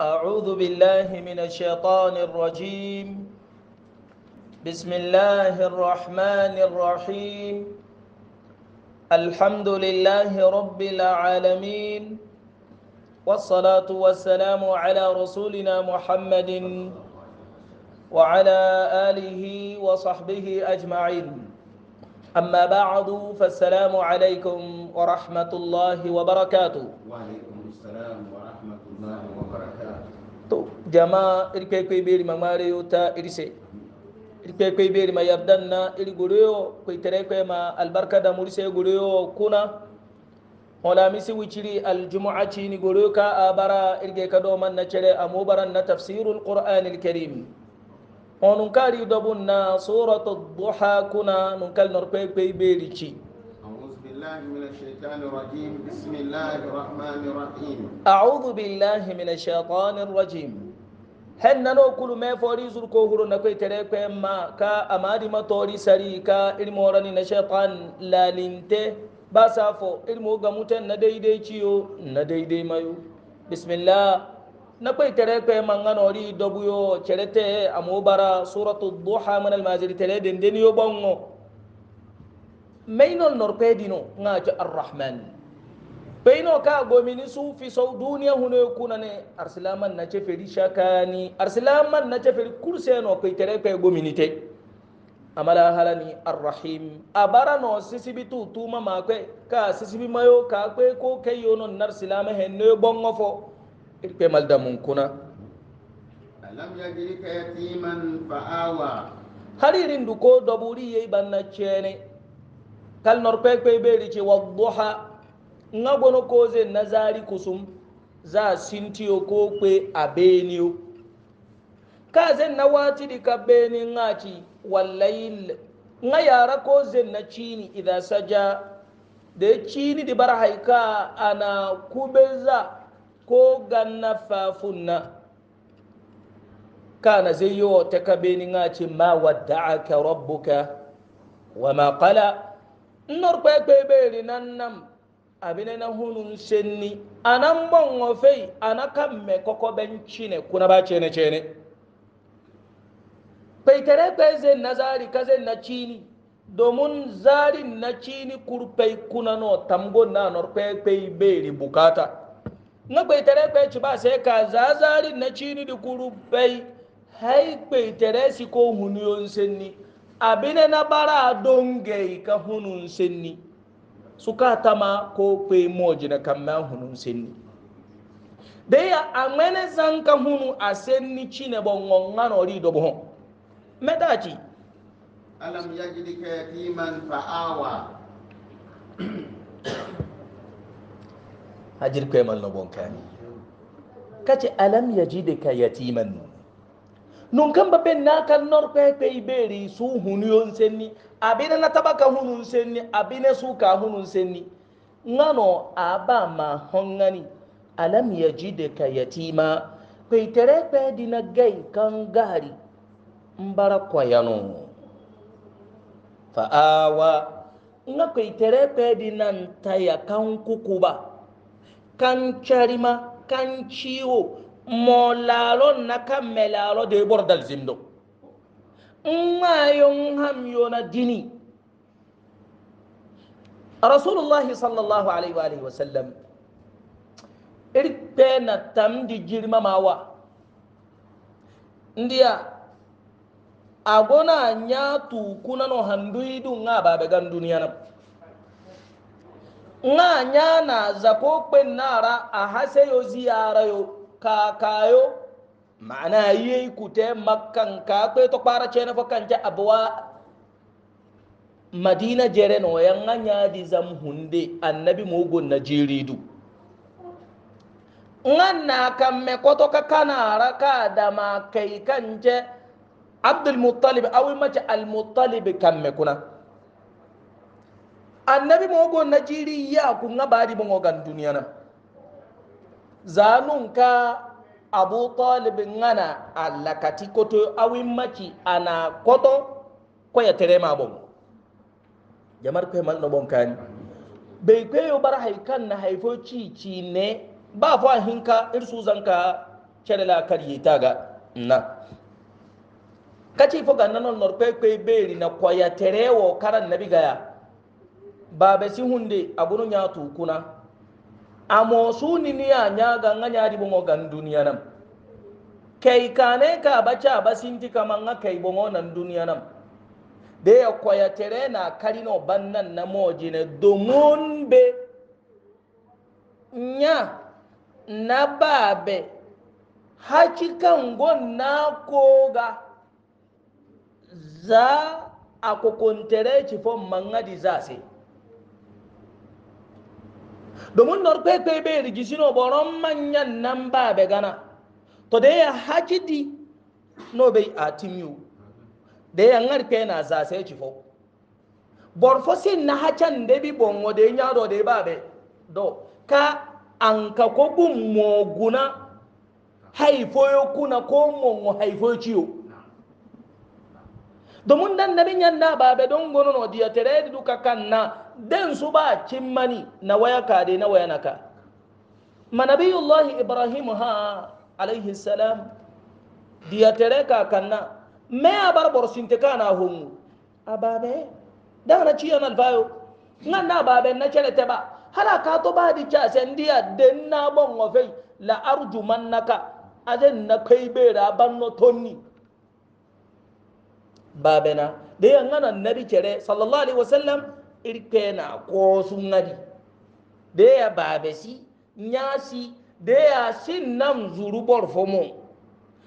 أعوذ بالله من الشيطان الرجيم بسم الله الرحمن الرحيم الحمد لله رب العالمين والصلاة والسلام على رسولنا محمد وعلى آله وصحبه أجمعين أما بعد فالسلام عليكم ورحمة الله وبركاته وعليكم السلام ورحمة jama irkwe kwe beri ma mare ta irse irkwe kwe beri ma yabdan na iri gureo kwe ma albarka da murse gureo kuna holamisi wichiri aljumu'a chini gureo ka abara irge ka doman na cere amubaran na al-Qur'an al karim onun kari dobun na suratu duha kuna nunkal kal nor kwe kwe beri chi بسم الله الرحمن الرحيم أعوذ بالله من الشيطان الرجيم hen no kulu me fori zur ko huro na koy tere ko ma ka amadi ma tori sari ka ilmo rani na shaytan lalinte ba sa fo ilmo ga mutan na daidai ciyo na daidai mayu bismillah na koy tere ko ma ngano ri dobuyo cerete amubara suratu duha man al mazir tere den den yo bongo mainol norpedino ngajo arrahman bayno ka gomini sufi sau duniya huno kuna ne arsilaman na ceferi shakani arsilaman na ceferi kurseno kai tere kai gomini te amala halani arrahim abara no sisibi tu tuma ma kwe ka sisi bi mayo ka kwe ko kai yo non narsilama henne bongo fo irpe malda mun kuna alam yajrika yatiman fa'awa haririn duko doburi yayi banna cene kal norpe kwe beri ce wadduha nga bono koze nazari kusum za sintiyo ko kwe abeniyo kaze na wati di ka beni ngaci wallayil nga yara koze na chini idha saja de chini di bara haika ana kubeza ko ganna fafunna kana zai yi ta kabe ni nga ma wadda rabbuka wa ma qala nnor pepe beri nan nan abin na hunun senni anan ban wafai ana kan me koko benci ne kuna ba cene cene peitere peze na zari kaze na cini domin zarin na cini kurpei kuna no tamgo na nor pei beri bukata na peitere peci ba sai ka za zarin na cini di kurpei hai peitere si ko huniyon senni abin na bara dongei ka hunun senni suka tama ko kwe moji na kamma hunun senni de ya amene zanka hunu a senni cine bon ngonga no ri do bon medaji alam yajidika yatiman fa'awa hajir kwe mal no bon kani kace alam ka yatiman nun kan babe na kan nor kwe kwe beri su hunu yon senni abine na taba ka hunun senni abine su ka hunun ngano aba ma hongani alam yajidka yatima peitere pe na gai kan gari mbara kwayano fa awa nga peitere pe dina ntaya kan kukuba kan charima kan ciwo mo lalo na kan melalo de bordal zimdo ngayon hamyo na dini rasulullahi sallallahu alaihi wa alihi wasallam irpe na tamdi girmamawa ndiya agona nya tukuna no handuidu nga babe gan duniya na nga nya na zako nara a hase yo ziyara yo kakayo ma'ana yi kute makkan ka kai to para ce na fakan ja madina jere no yan anya di zam hunde annabi mugun na jiridu nganna kan me koto ka kana raka da ma kai kan abdul muttalib awi mace al muttalib kan me kuna annabi mugun na jiri ya kun ga badi bungo gan duniya nan zanun ka abu talib ngana allakati koto awin maki ana koto koya tere ma bon jamar kwe mal no bon kani bai kwe yo bar haikan na haifo ci ci ne ba fa hinka irsu zanka chere la kariye taga na kati fo ganna non nor kwe kwe beri na koya tere wo karan nabi gaya ba be si hunde abunu nyatu kuna amo suni ni ya nyaga nganya di bongo gan duniya nam kai kane ka bacha basinti kama nga kai bongo nan duniya nam de ya koya tere na karino bannan na moji ne domun be nya na babe hakikan gon na koga za a kokontere ci fon manga di zase domin nor pepe be rigisi no boron manyan nan ba be gana to da ya di no be atimiu da ya ngar pe na za sai chifo fosi na hakan da bi bongo da ya do da ba be do ka an ka ko gum moguna haifoyo kuna ko mongo haifoyo ciyo domin dan nabin na ba be don gono no diya tere di duka kanna den su ba cimmani na waya ka de na waya naka manabiyullahi ibrahim ha alaihi salam diya tere ka kanna me abar borsinte kana homu ababe dana ciyan alfayo nan na ababe na cele te ba hala ka to ba di cha sen diya den na bon ofe la arjumannaka azen na kai be banno tonni babena de ya ngana nabi chere sallallahu alaihi wasallam irkena ko sunnadi de ya babesi nyasi de ya sinnam zuru borfomo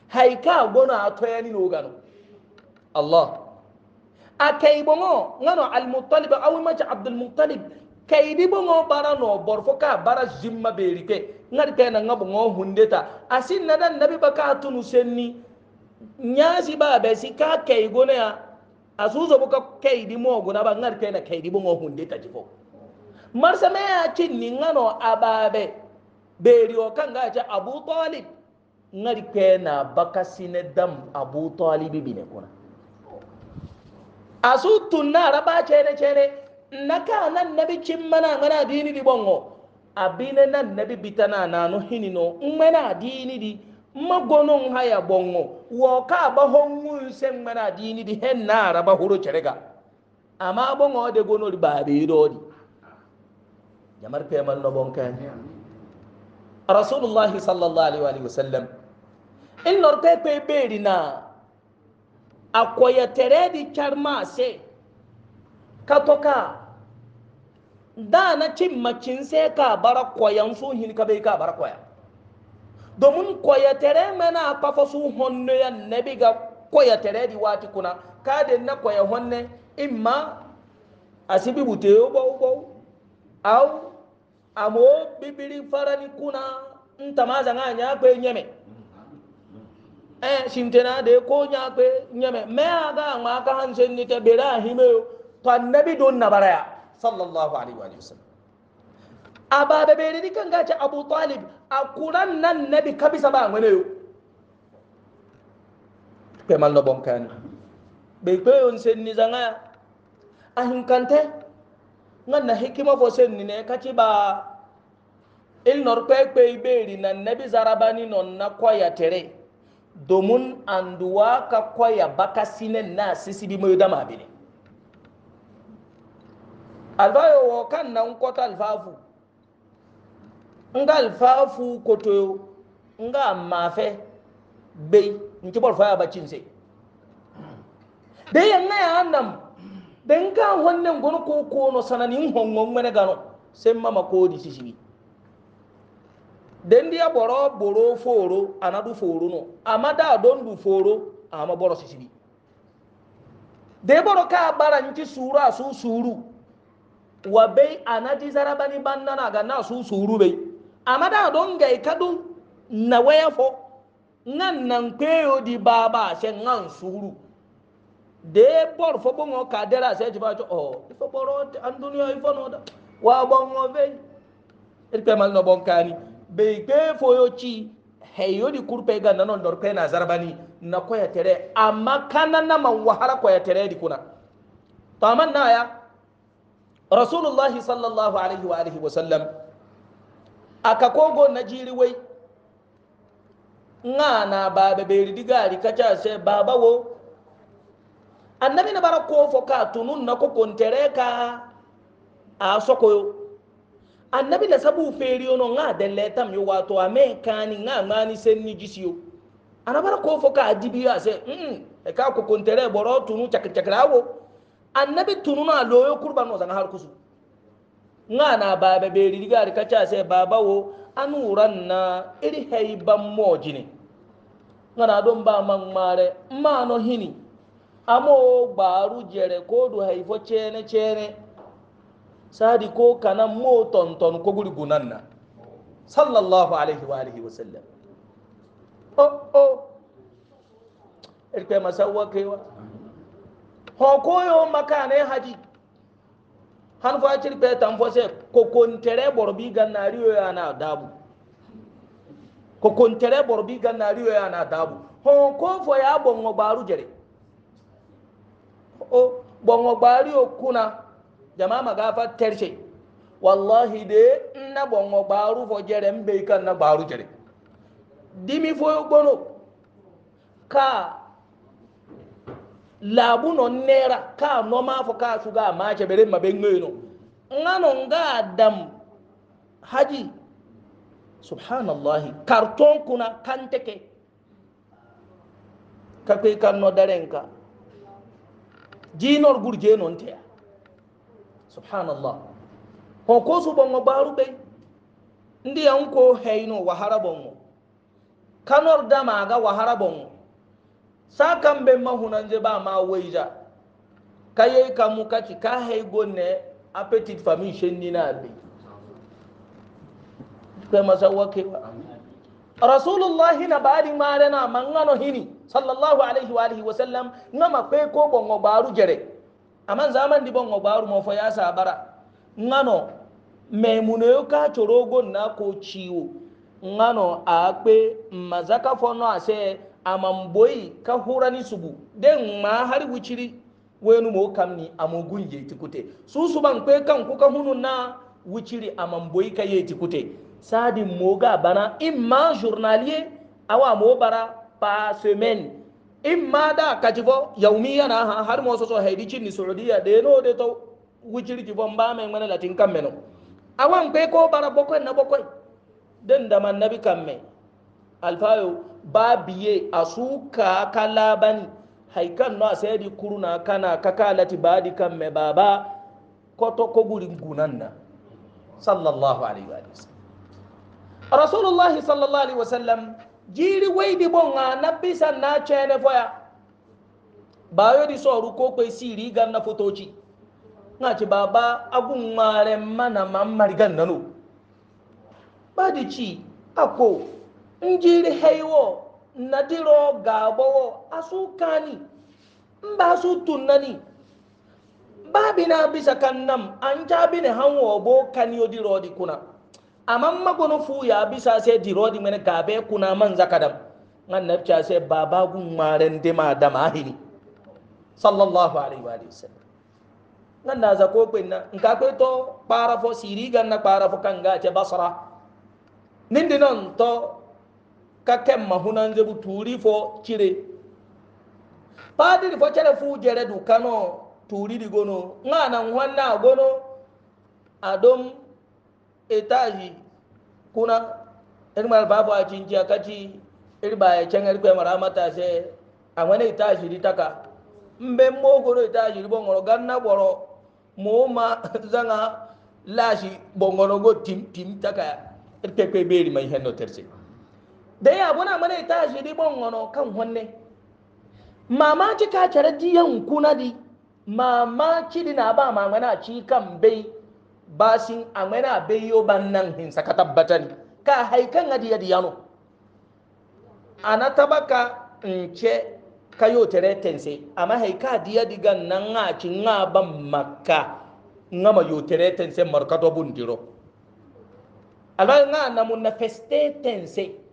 haika gona atoyani no gano allah akay bongo ngano al muttalib aw ma ci abdul muttalib kay bi bongo bara no borfo ka bara jimma berike ngari kena ngabo ngo hundeta asin nadan nabi baka tunu senni ñaasi ba be si ka kei gonaya a suuso buka keidi moogo na ba ŋar keina keidi boŋo hunde taji fo marsama ye a ci ni ŋano a baabe beerio kanga ce abu talib ŋari keina baka sine dam abu talibi bine kuna a su tunna ara ba cene cene na ka nan nabi cimmana ŋana dini di boŋo abine nan nabi bitana nanu hinino ŋmena dini di, bongo, abine na nabi bitana, nanu, hinino, mwena, dini di. magonon haya bongo wo ka ba hongun sen mana dini di hen na raba huro cerega amma bongo de gono di babe do di jamar pe man no bonka rasulullahi sallallahu alaihi wa sallam in lor te pe beri na akoya tere di charma se katoka da na cin macin sai ka bara koyan so hin ka bai ka bara koyan domin koyatere mana kafa su honno ya nabi ga koyatere di wati kuna kade na koya honne imma asibi bute ubo ubo au amo bibiri farani kuna ntamaza nga nya kwe nyeme eh shintena de ko nya kwe nyeme me aga ma ka hansen ni te bera hime to annabi don nabaraya sallallahu alaihi wa sallam aba da bai ni kan gace abu talib a kuran nan nabi kabisa ba ngene yo pe man lo bon kan be pe on sen ni zanga a ah, hin kante ngan na hikima fo sen ni ne kaci ba il nor pe pe iberi nan nabi zarabani non na koya tere domun anduwa ka koya baka sinen na sisi bi mai dama bine alfayo kan nan kwata alfafu nga alfafu kotoyo nga amafe bei nci bor faya bacin sai De yan na ya nan dan ga wannan gon ko ko no sananin hongon mene gano sai mama ko di sisibi den dia boro boro foro anadu foro no amada don du foro ama boro sisibi de boro ka bara nti sura su suru wa bei anadi zarabani banna na ga na su suru bei amada don ga ikadu na waya fo nan nan kweyo di baba se ngan suru de bor fo bongo ka dera se ti ba to oh ifo boro an duniya ifo no da wa o be irpe mal no bonkani be kwe fo yo chi heyo di kurpe ga nanon dor kwe na zarbani na koya tere amma kana na man wahala koya tere di kuna to amma na ya rasulullahi sallallahu alaihi wa alihi wa sallam aka kongo na jiri wai nga na baba beri digari kacha se baba wo annabi na bara kofo ka tunun na kokon tereka a soko annabi da sabu feri ono nga delle tam yo wato ameka ni nga mani sen ni jisiyo anabara kofo ka adibiya se mm e ka kokon tere boro tunu chak chakrawo annabi tununa loyo kurban no har kusu nga na baba be riga da kacha sai baba wo anuran na iri haiban mojini nga na don ba man mare ma hini amo gbaru jere ko du haifo chene chene sadi ko kana mo tonton ko gunan. gunanna sallallahu alaihi wa alihi wa sallam oh oh irke masawa kaiwa ho koyo makane hadith han fa cirpe tan fose kokontere borbi gannariyo yana dabu kokontere borbi gannariyo yana dabu hon ko fo ya bongo baru jere o bongo o kuna jamaa jama magafa terse wallahi de na bongo baru fo jere mbe kan na baru jere dimi fo gono ka labu no nera ka no ma fo ka su ga ma che bere ma be ngeno ngano nga adam haji subhanallah karton kuna kanteke ka kai kan no darenka jinor gurje non te subhanallah ko ko su bon baru be ndi an ko heino wahara bon kanor dama ga wahara bon sakan be mahunan je ba ma waija kaye ka mu kati ka hay gonne a petite famille shenni na be kai masa wake wa rasulullahi na bari mare na mangano hini sallallahu alaihi wa alihi wa sallam ngama kwe ko bongo baru jere aman zaman di bongo baru mo fo ya sabara ngano memuno ka chorogo na ko ciwo ngano a pe mazaka fono ase amamboyi ka hurani subu den ma har wuciri wenu mo kamni amogun tikute kute susu ban kwe kan kuka hunun na wuciri amamboyi ka yeti kute sadi moga bana imma journalier awa mo bara pa semaine imma da kajifo yaumiya na ha har mo soso haidi cinni saudiya de no de to wuciri jifo mba men ngana latin kammeno awan kwe ko bara bokwe na bokwe den da man nabi kamme alfayo babiye asuka bani, haikan no asedi kuruna kana kakalati badi kan me baba koto koguri gunanna sallallahu alaihi wa sallam rasulullah sallallahu alaihi wa sallam jiri weidi bonga na pisa na chene foya bayo di soru ko pe siri ganna fotoci ngaci baba agun mare mana mammari gannano badi ci ako njiri haiwo nadiro gabawo asu kani mba su tunani babi na bisa kan nam an jabi ne hanwo bo kaniyo diro di kuna amma magono fu ya bisa sai diro di mene gabe kuna man zakadam ngan nabca sai baba gun maren de ma da mahini sallallahu alaihi wa sallam ngan na zako kwenna nka kweto para fo Gan na para fo kanga ce basra nindi to kakem mahunanzebu turi fo cire padiri fo cere fu jere du kano turi di gono ngana ngwanna gono adom etaji kuna irmal babu a cinci a kaci irba ya can irkwe mara mata se a wani etaji di taka mbe mo goro etaji di bongoro ganna boro mo ma zanga lashi bongoro go tim tim taka irkwe kwe beri mai henno tersi da yi abu na mana ita a shiri bangwano kan hannun mamaki ka cire di yanku na di mamaki di na ba mamani a ci kan bai ba sin a mana bai yi ban nan hinsa ka tabbata ne ka haikan a diya diyano a na taba ka nce ka yi otare tense a mahaika diya diga nan a ci nga ban maka nga ma yi otare tense markato bundiro a ga nga namun na feste tense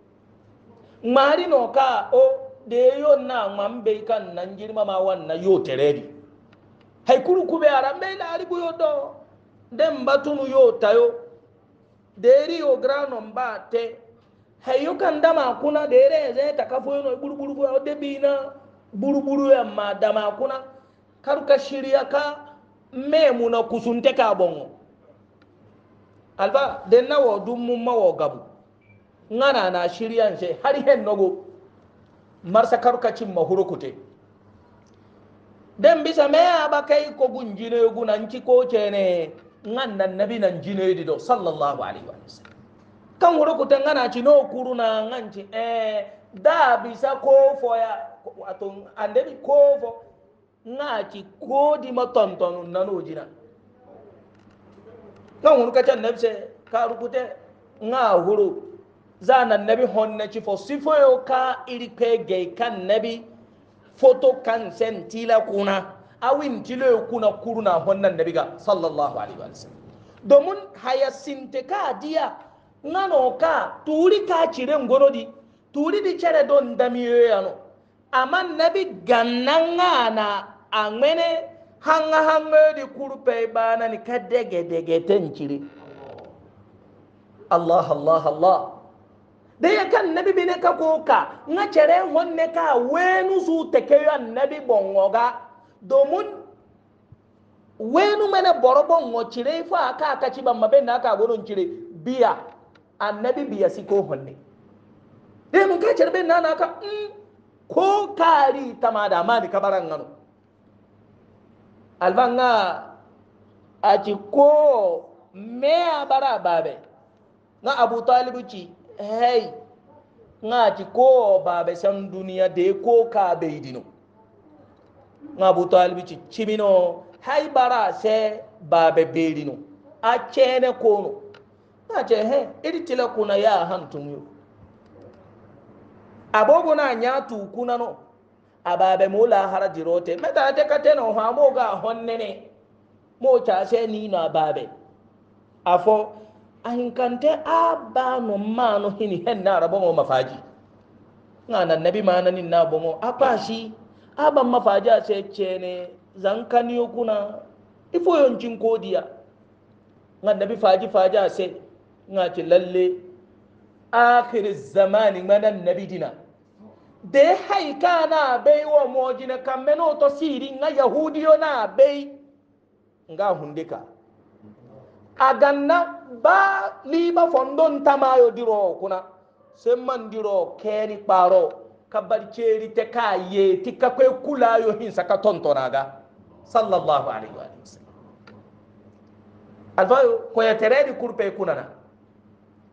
mari no ka o de yo na mambe kan nan girma ma wanna yo teredi hay kuru kube arambe la aribu yo do dem batunu yo tayo deri yo grano mbate hay yo kan dama kuna dere ze takafo yo buruburu o de bina buruburu ya ma dama kuna karuka shiriya ka memu na kusunte ka bongo alba denna wo dum mumma wo gabu ngana na shiryan she har hen nogo marsa karkacin mahurukute den bisa me aba kai ko gunjine guna nki ko cene ngan nan nabi nan jine dido sallallahu alaihi wasallam. sallam kan hurukute ngana ci no kuruna ngan ci eh da bisa ko foya wato andebi ko fo ngaci ko di matontonu nano jina kan hurukacin nabse ka rukute nga huru za na nabi honne ci fo sifo yo ka iri pe gay nabi foto kan sen tila kuna awin tilo kuna kuruna honnan nabi ka sallallahu alaihi wasallam domin hayasinte ka diya ngano ka turi ka cire ngono di turi di cere don damiyo yano amma nabi gannanga na angmene hanga hanga di kurpe bana ni kadege dege tencire Allah Allah Allah da ya kan nabi bi ne ka ko ka nga cere hon ne ka wenu su te ke yo nabi bongoga domin wenu mene boro bongo cire fa ka ka ci ban mabe na ka gurun cire biya annabi biya si ko honne dai mun ka cere ben na na ka mm, ko kari tamada ma ni kabaran ngano albanga a ci ko me a bara babe na abu talibu ci hey nga ci ko babe san duniya de ko ka be dino nga bu talibi ci cimino hay bara se babe be dino a cene kono nga ce he iri tila kuna ya hantun yo abogo na nya tu kuna no ababe mola harajirote meta te ka te kateno ha mo ga honnene mo cha se ni na babe afo ahinkante a ba no ma no hini hen na rabo mo mafaji nga nan nabi ma nan na bo mo apashi aba mafaji a sai cene zankani kuna ifo yoncin kodiya nga nabi faji faji a sai nga ci lalle akhir zamani ma nan nabi dina de haika na bai wa mojina kammeno to siri nga yahudiyo na bai nga hundika aganna ba liba fondon tamayo diro kuna sai man diro keni paro kabar ceri te ka ye ti ka kwe kula yo hin saka tontona ga sallallahu alaihi wa sallam alfa ko ya tere di kurpe kuna na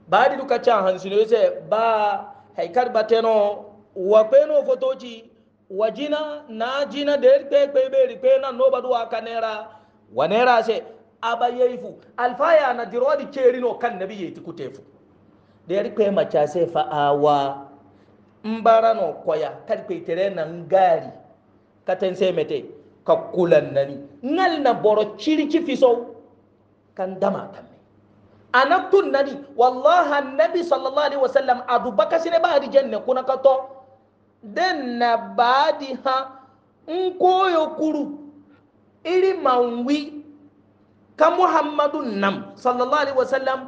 ba di duka hansi hansino sai ba haikar bateno wa peno fotoci wajina na jina da ya rikpe kpe bai rikpe na noba duwa ka nera wa nera sai abayeifu alfaya na dirodi kerino kan nabi yeti kutefu da yari kwe machase fa awa mbara no koya kar kwe tere na ngari katen se mete ka kulan nani ngal na boro chiriki fiso kan dama kan anak nani wallahi nabi sallallahu alaihi wasallam adu bakasi ne ba kuna kato den na badi ha nkoyo kuru iri manwi ka muhammadu nam sallallahu alaihi wasallam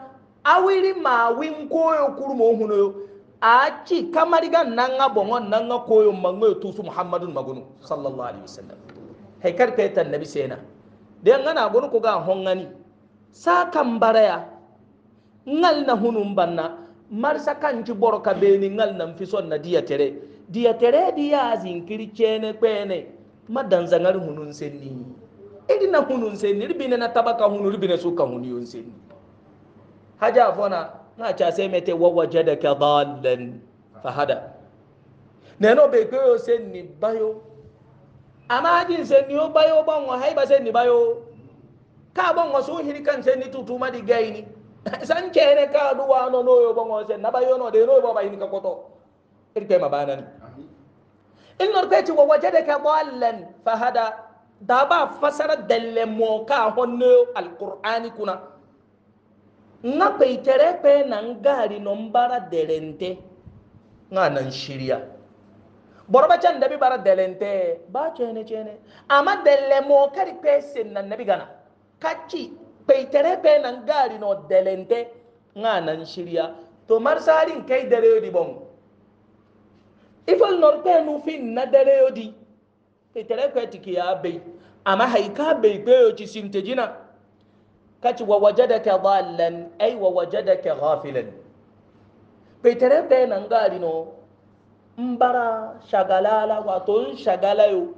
awiri ma win koyo kurmo huno aci kamariga nanga bongo nanga koyo mangoyo tusu muhammadun magunu sallallahu alaihi wasallam hay kar peta nabi sena de ngana gonu ko ga hongani sa kambaraya ngal na hunum banna mar sa kanci boroka beni ngal nan fi na diya tere diya tere diya zinkiri cene kwene madan zangar hunun senni iri na hunun sai nirbine na tabaka hunun ribine su kan hunun sai haja fona na cha sai mete wawaje da ka dalan fahada ne no be ko sai ni bayo amma jin sai ni o bayo ban wa haiba sai ni bayo ka ban wa su hiri kan sai ni tutuma di gaini san kene ka duwa no no yo ban wa sai na bayo no de no ba bayin ka koto irke mabanan in norte ci wawaje da ka dalan fahada daba fasara dalle mo ka honno alqur'ani kuna nga pe pe na ngari no mbara derente nga nan shiriya boroba can dabi bara delente ba chene chene ama dalle mo kari pe sen nan nabi gana kachi pe pe na ngari no delente nga nan shiriya to marsarin kai dare yodi bon ifal norpe nu fin na dare yodi tere ko tiki ya bai amma haika bai gbeyo ci sintejina kaci wa wajadaka dhallan ay wa wajadaka ghafilan bai tere bai nan gari no mbara shagalala wato shagalayo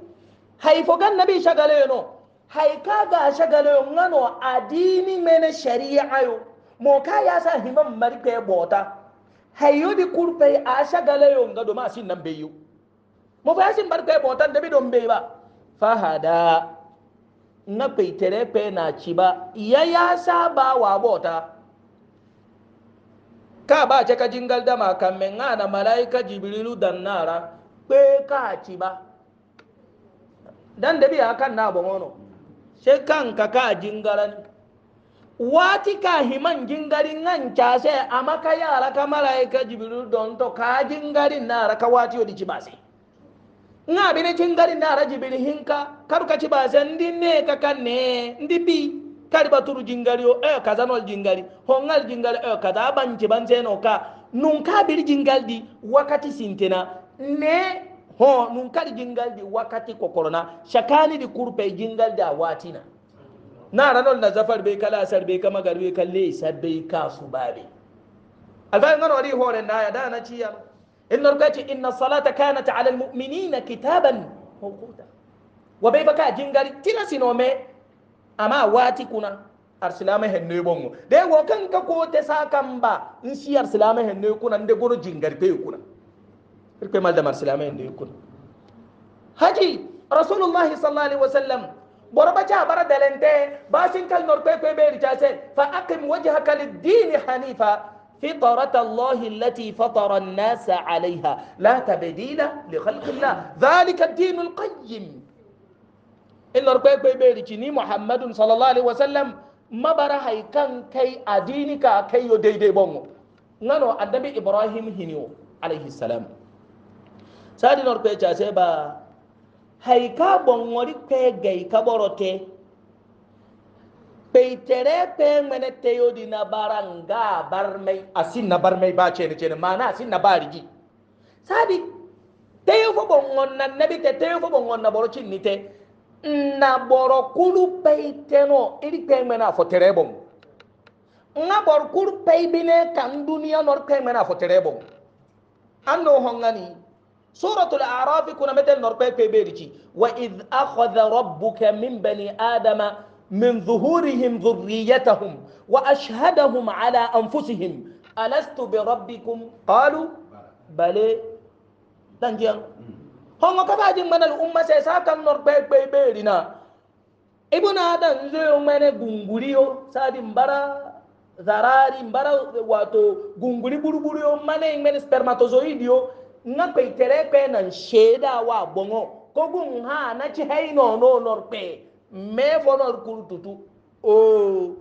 haifo kan nabi shagalayo no haika ga shagalayo ngano adini mene shari'a yo mo ka ya sa himan marke bota hayo di kurpe a shagalayo ngado ma sin nan beyo mo fa yasin barka bo tan da bidon be ba fahada na peitere pe na ci ba ya ya saba wa bota ka ba ce ka jingal dama kan men na malaika jibrilu dan nara pe ka ci ba dan da biya kan na bon ono sai kanka ka jingaran wati ka himan jingarin nan ca sai amaka yara ka malaika jibrilu don to ka jingarin nara ka wati odi ci ba sai nga bine chingari na raji bine hinka karu kachi baza ndi ne kaka ne ndi bi kari baturu jingari o eh kaza no jingari hongal jingari eh kaza banche banze no ka nunka biri jingaldi wakati sintena ne ho nunkari jingaldi wakati corona shakani di kurpe jingaldi awatina na ranol na zafar bai kala asar bai kama garbe kalle sabbai kasu babe alfayin gano wani horon na ya dana na ciyar إن ركعتي إن الصلاة كانت على المؤمنين كتابا موقوتا وبيبكا جنغاري تنسي نومي أما واتي كنا arsilama henne bongo de wo kan ka ko te sa kamba nsi arsilama henne kuna nde goro jingari pe kuna irke mal da arsilama henne kuna haji rasulullahi sallallahu alaihi wasallam borba cha bara delente basin kal nor pe pe be richa se fa aqim wajhaka lid-din hanifa فطرة الله التي فطر الناس عليها لا تبديل لخلق الله ذلك الدين القيم إن ربك بيبيريكي محمد صلى الله عليه وسلم ما برا كان كي أدينك كي يدي دي بومو نانو النبي إبراهيم هنيو عليه السلام سادي نور بيجا سيبا هيكا بومو ريكي كبرتي peitere pe mene teyo di na baranga barmai asin na barmai ba ce ne ce mana asin na barigi sadi teyo fo bongon na nabi te teyo fo bongon na borocin ni te na boro kulu peiteno iri pe mene afo tere bon nga bor kul pei bine kan duniya nor pe mene afo tere bon hongani سورة الأعراف كنا مثل نرقى في بيرتي وإذ أخذ ربك من بني آدم من ظهورهم ذريتهم وأشهدهم على أنفسهم ألست بربكم قالوا بلى دانجيان hongo kaba jin manal umma sai sakan nor be be be rina ibn adam zai mene gunguriyo sadin bara zarari mbara wato gunguri buruburu yo mane mene spermatozoid yo nga pe tere pe nan sheda wa bongo kogun ha na ci hay no no nor pe me fonor kuru tutu o oh,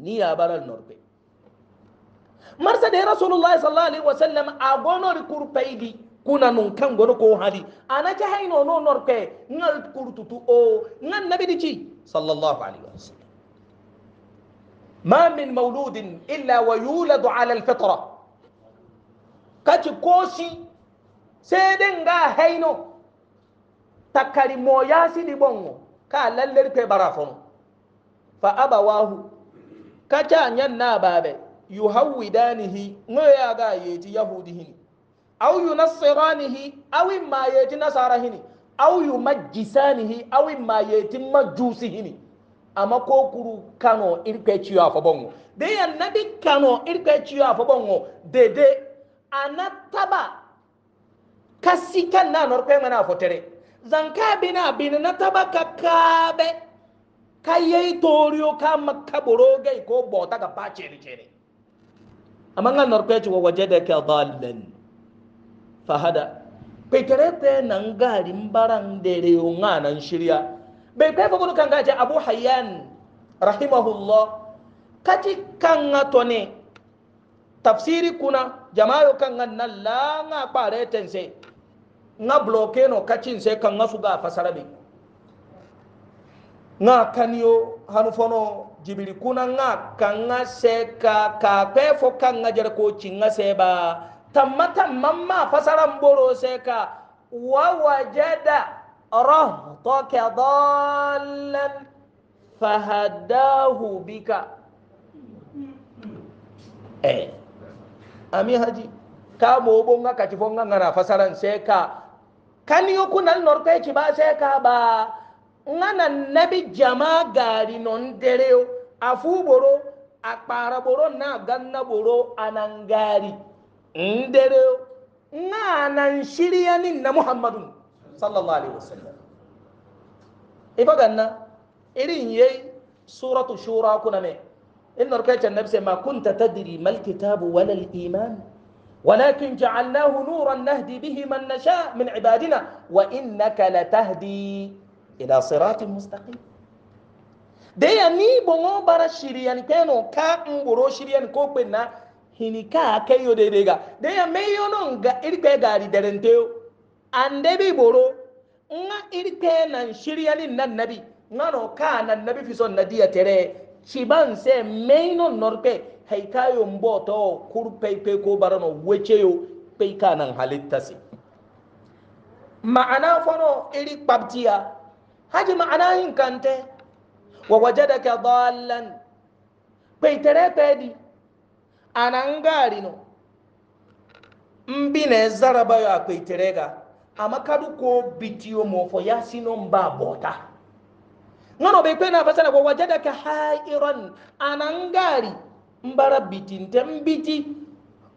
ni yabaral norbe marsa de rasulullahi sallallahu alaihi wasallam a gonor kuru paydi kuna nun kan gono ko hali ana ta hayno no norbe ngal kuru tutu o oh, ngan nabi dici sallallahu alaihi wasallam ما من مولود إلا ويولد على الفطرة كاتي كوشي سيدن غا هينو تكاري موياسي دي بونغو ka lallar kai bara fon fa abawahu ka ta nyan na babe yuhawidanihi ngoya ga yeti yahudihin aw yunassiranihi aw imma yeti nasarahini aw yumajjisanihi aw imma yeti majusihini amma ko kuru kano irkai ciyo a fabonwo da yan na kano irkai ciyo a fabonwo dede a na taba kasi kan na norkai mana fotere zanka bina bina na taba kakabe kayyai toriyo ka makka borogai ko bota ga face ni cere amma ngan norpe ci waje da ka dallan fahada pekerete nan garin baran dere yunga nan shirya bai kai fa kan gaje abu hayyan rahimahullah kati kan tone tafsiri kuna jama'a kan nan la nga pareten sai nga bloke no kacin sai kan nga suga fasara bi nga kaniyo hanu fono jibiri kuna nga kan nga se ka ka pe fo kan nga jar ko cin nga se ba tamma fasara mboro se wa wajada rahtaka dallan fahadahu bika eh ami haji ka mo bonga kati fonga ngara fasaran se kan yoku nal norte ci ba se ka ba nana nabi jama gari non dereo afu boro akpara boro na ganna boro anan gari ndereo na nan shiriya na muhammadu sallallahu alaihi wasallam ifa ganna irin yayi suratu shura kuna me in norte ci nabi sai ma kunta tadri mal kitabu wal iman ولكن جعلناه نورا نهدي به من نشاء من عبادنا وإنك لتهدي إلى صراط مستقيم deya ni bongo bara shiriyani keno ka ngoro shiriyani ko kwenna hini ka keyo dedega deya meyo no nga irbe gari derenteo ande bi boro nga irke nan shiriyani nan nabi ngano ka nan nabi fison nadiya tere chiban se meino norpe haikayo mboto kurpeipe ko barano weceyo peika nan halittasi ma'ana fano iri kpabtiya haji ma'ana yin kante wa wajadaka dallan peitere pedi anan garino mbi ne zaraba yo a peitere ga amma kadu ko bitiyo mofo ya sino mba bota ngano be kwena fasana wa wajadaka hairan anan gari mbara biti nte mbiti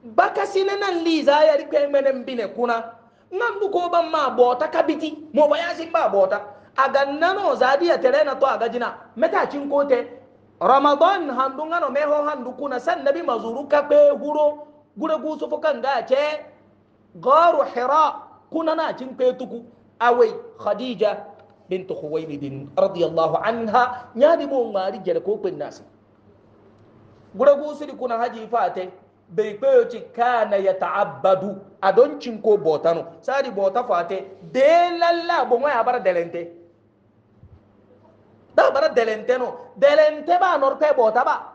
bakasine nan liza yari kwe mene mbine kuna nan du ko ban ma bota ka biti mo bayasin ba bota aga nano zadiya tere na to aga jina meta cin kote ramadan handu ngano meho handu kuna san nabi mazuru ka kwe huro gure gusu fukan ga ce garu hira kuna na cin tuku awai khadija bintu khuwailidin radiyallahu anha nyadi mo ngari jere ko nasi guragu siri kuna haji fate bai kwayo ci kana ya ta'abbadu a don cinko botano sari bota fate de lalla bon waya bara delente da bara delente no delente ba norpe bota ba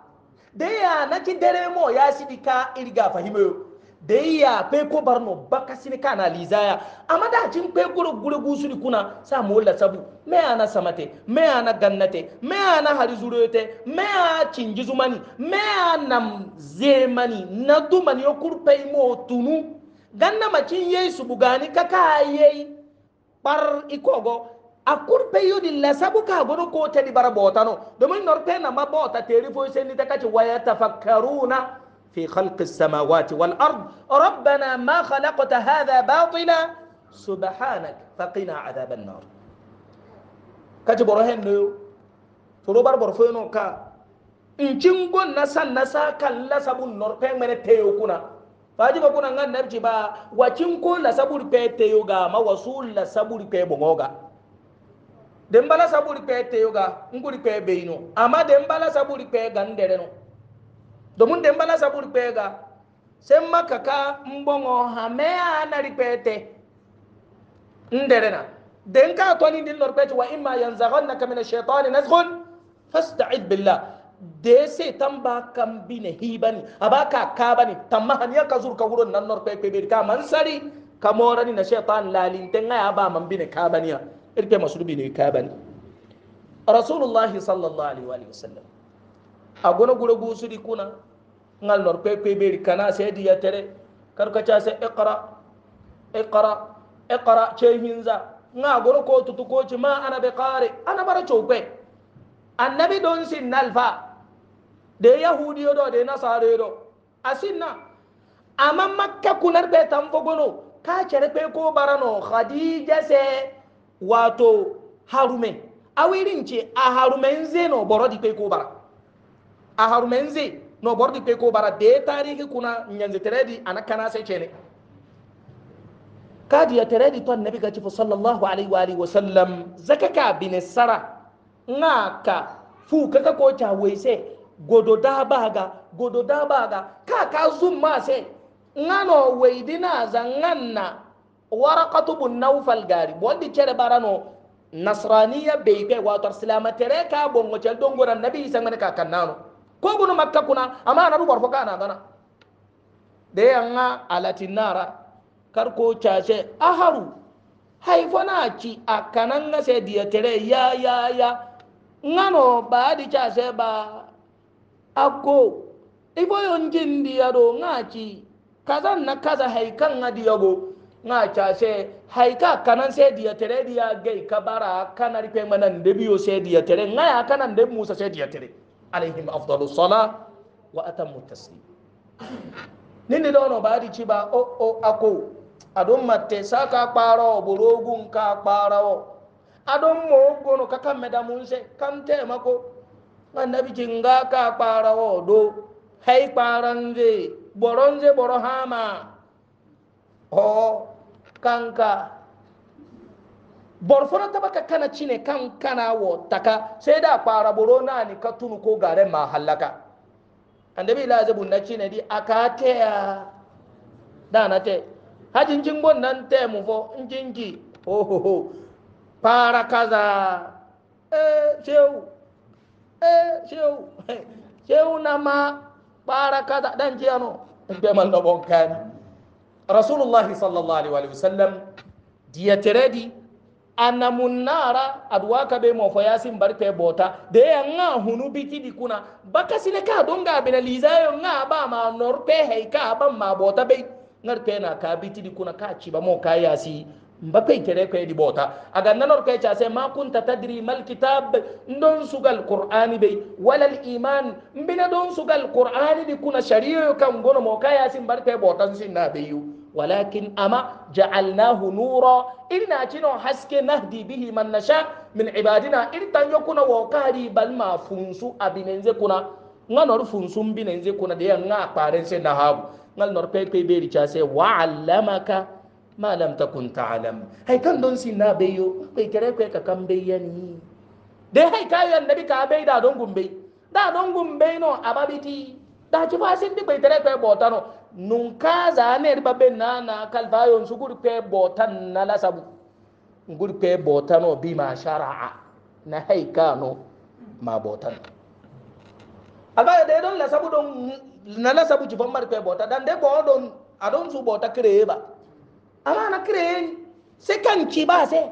de ya na ci dere mo ya sidi ka irga fahimayo da ya pe ko barno baka kana lizaya amma da jin pe guru guru gusuri kuna sa molla sabu me ana samate me ana gannate me ana harizurote me a cingizumani me ana zemani na dumani yokurpe mo tunu ganna macin yesu bugani kaka yei par ikogo a kurpe yudi lasabu ka gono ko tedi bara botano domin norte na mabota teri fo sen ni takaci waya tafakkaruna في خلق السماوات والأرض ربنا ما خلقت هذا باطلا سبحانك فقنا عذاب النار كتب رهن نيو تروبر برفينو كا إنجنغو نسا نسا كلا سبو النور فين من التيو كنا فاجب كنا نغان نرجي با وچنكو لسبو لكي تيو غا ما وصول لسبو لكي بمو دمبالا سبو لكي تيو غا نكو لكي بينو أما دمبالا سبو لكي غندرنو domin da mbala sabur pega sai maka ka mbongo me ana ripete nderena den ka toni din lor pete wa imma yanzaghannaka min ash shaytan nazghun fasta'id billah de se tamba kam bine hibani abaka ka bani tamma ya kazur ka wuron nan lor pete be ka mansari morani na shaytan lalin den ya ba man bine mambine kabaniya irke masubi ne bani rasulullahi sallallahu alaihi wa sallam agona gure gusuri kuna ngal nor pe pe beri kana se diya tere kar ka cha se iqra iqra iqra che hinza nga agona ko tutu ko ma ana be qari ana bara chokwe annabi don sin nalfa de yahudiyo do de nasare do asinna amma makka kunar be tan fogono ka cere pe ko barano khadija se wato harume awirin ce a harumen zeno boro di pe ko bara a harumenze no bordi pe ko bara de tarihi kuna nyanze teredi anakana sai chene kadi ya teredi to annabi ga cifu sallallahu alaihi wa alihi wa sallam zakaka bin sara ngaka fu kaka ko cha weise godo da baga godo da baga ka ka zumma sai ngano weidina za nganna warakatu bu nawfal gari bondi cere barano nasraniya beibe wato silama tere ka bongo chel dongora nabi isa ngane ka kannano ko bunu makka kuna amma na rubar foka na gana da yan a alatin nara karko chache aharu haifona ci a kanan na sai diya tere ya ya ya ngano ba di chase ba ako ifo yonjin diya do ngaci kazan na kaza haikan na diya go nga chase haika kanan sai diya tere diya gai kabara kanar pe manan debiyo sai diya tere ngaya kanan de musa sai diya tere alaihim afdalu sala wa atammu taslim nini da ono bari ci ba o o ako adon matte saka kparo borogun ka kparo adon mo gono kaka meda munse kam te mako annabi jinga ka kparo do hay kparanze boronze boro o kanka borfona tabaka kana cine kan kana wo taka sai da kwara na ni ka tunu ko garen ma hallaka annabi la zabun na cine di akate ya da na te hajin jingon nan te mu fo njinji ho ho ho para kaza eh sheu eh sheu sheu na ma para kaza dan jiano be man no bon kan rasulullah sallallahu alaihi wasallam diya teredi anamunara aduwa ka be mo foya sin barte bota de ya nga hunu biki dikuna baka sine ka donga bena lizayo nga ba ma norpe hay ka ba ma bota be ngarpe na ka biti dikuna ka ci ba mo ka yasi mbape kere ko di bota aga nanor ko cha se ma kunta tadri mal kitab ndon sugal qur'ani be wala al iman mbina don sugal qur'ani dikuna shariyo kan gono mo ka yasi barte bota sin na be yu walakin ama ja'alnahu nura irina cino haske nahdi bihi man nasha min ibadina irtan yokuna wa kari balma funsu abinenze kuna nga nor funsun binenze kuna de nga parense na habu ngal nor pe pe beri chase wa allamaka ma lam takun ta'lam hay kan don sin na beyo pe kere pe ka kan beyani de hay kayo annabi ka be da don gumbe da don gumbe no ababiti da ci fasin di pe tere pe botano nun ka zane ba ben na na kalbayon su gurpe botan na lasabu gurpe botano bi ma shara'a na haikano ma botan aga de don lasabu don na lasabu jifan marpe bota dan de bo don adon su bota kreye ba ama na kreye se kan ki ba se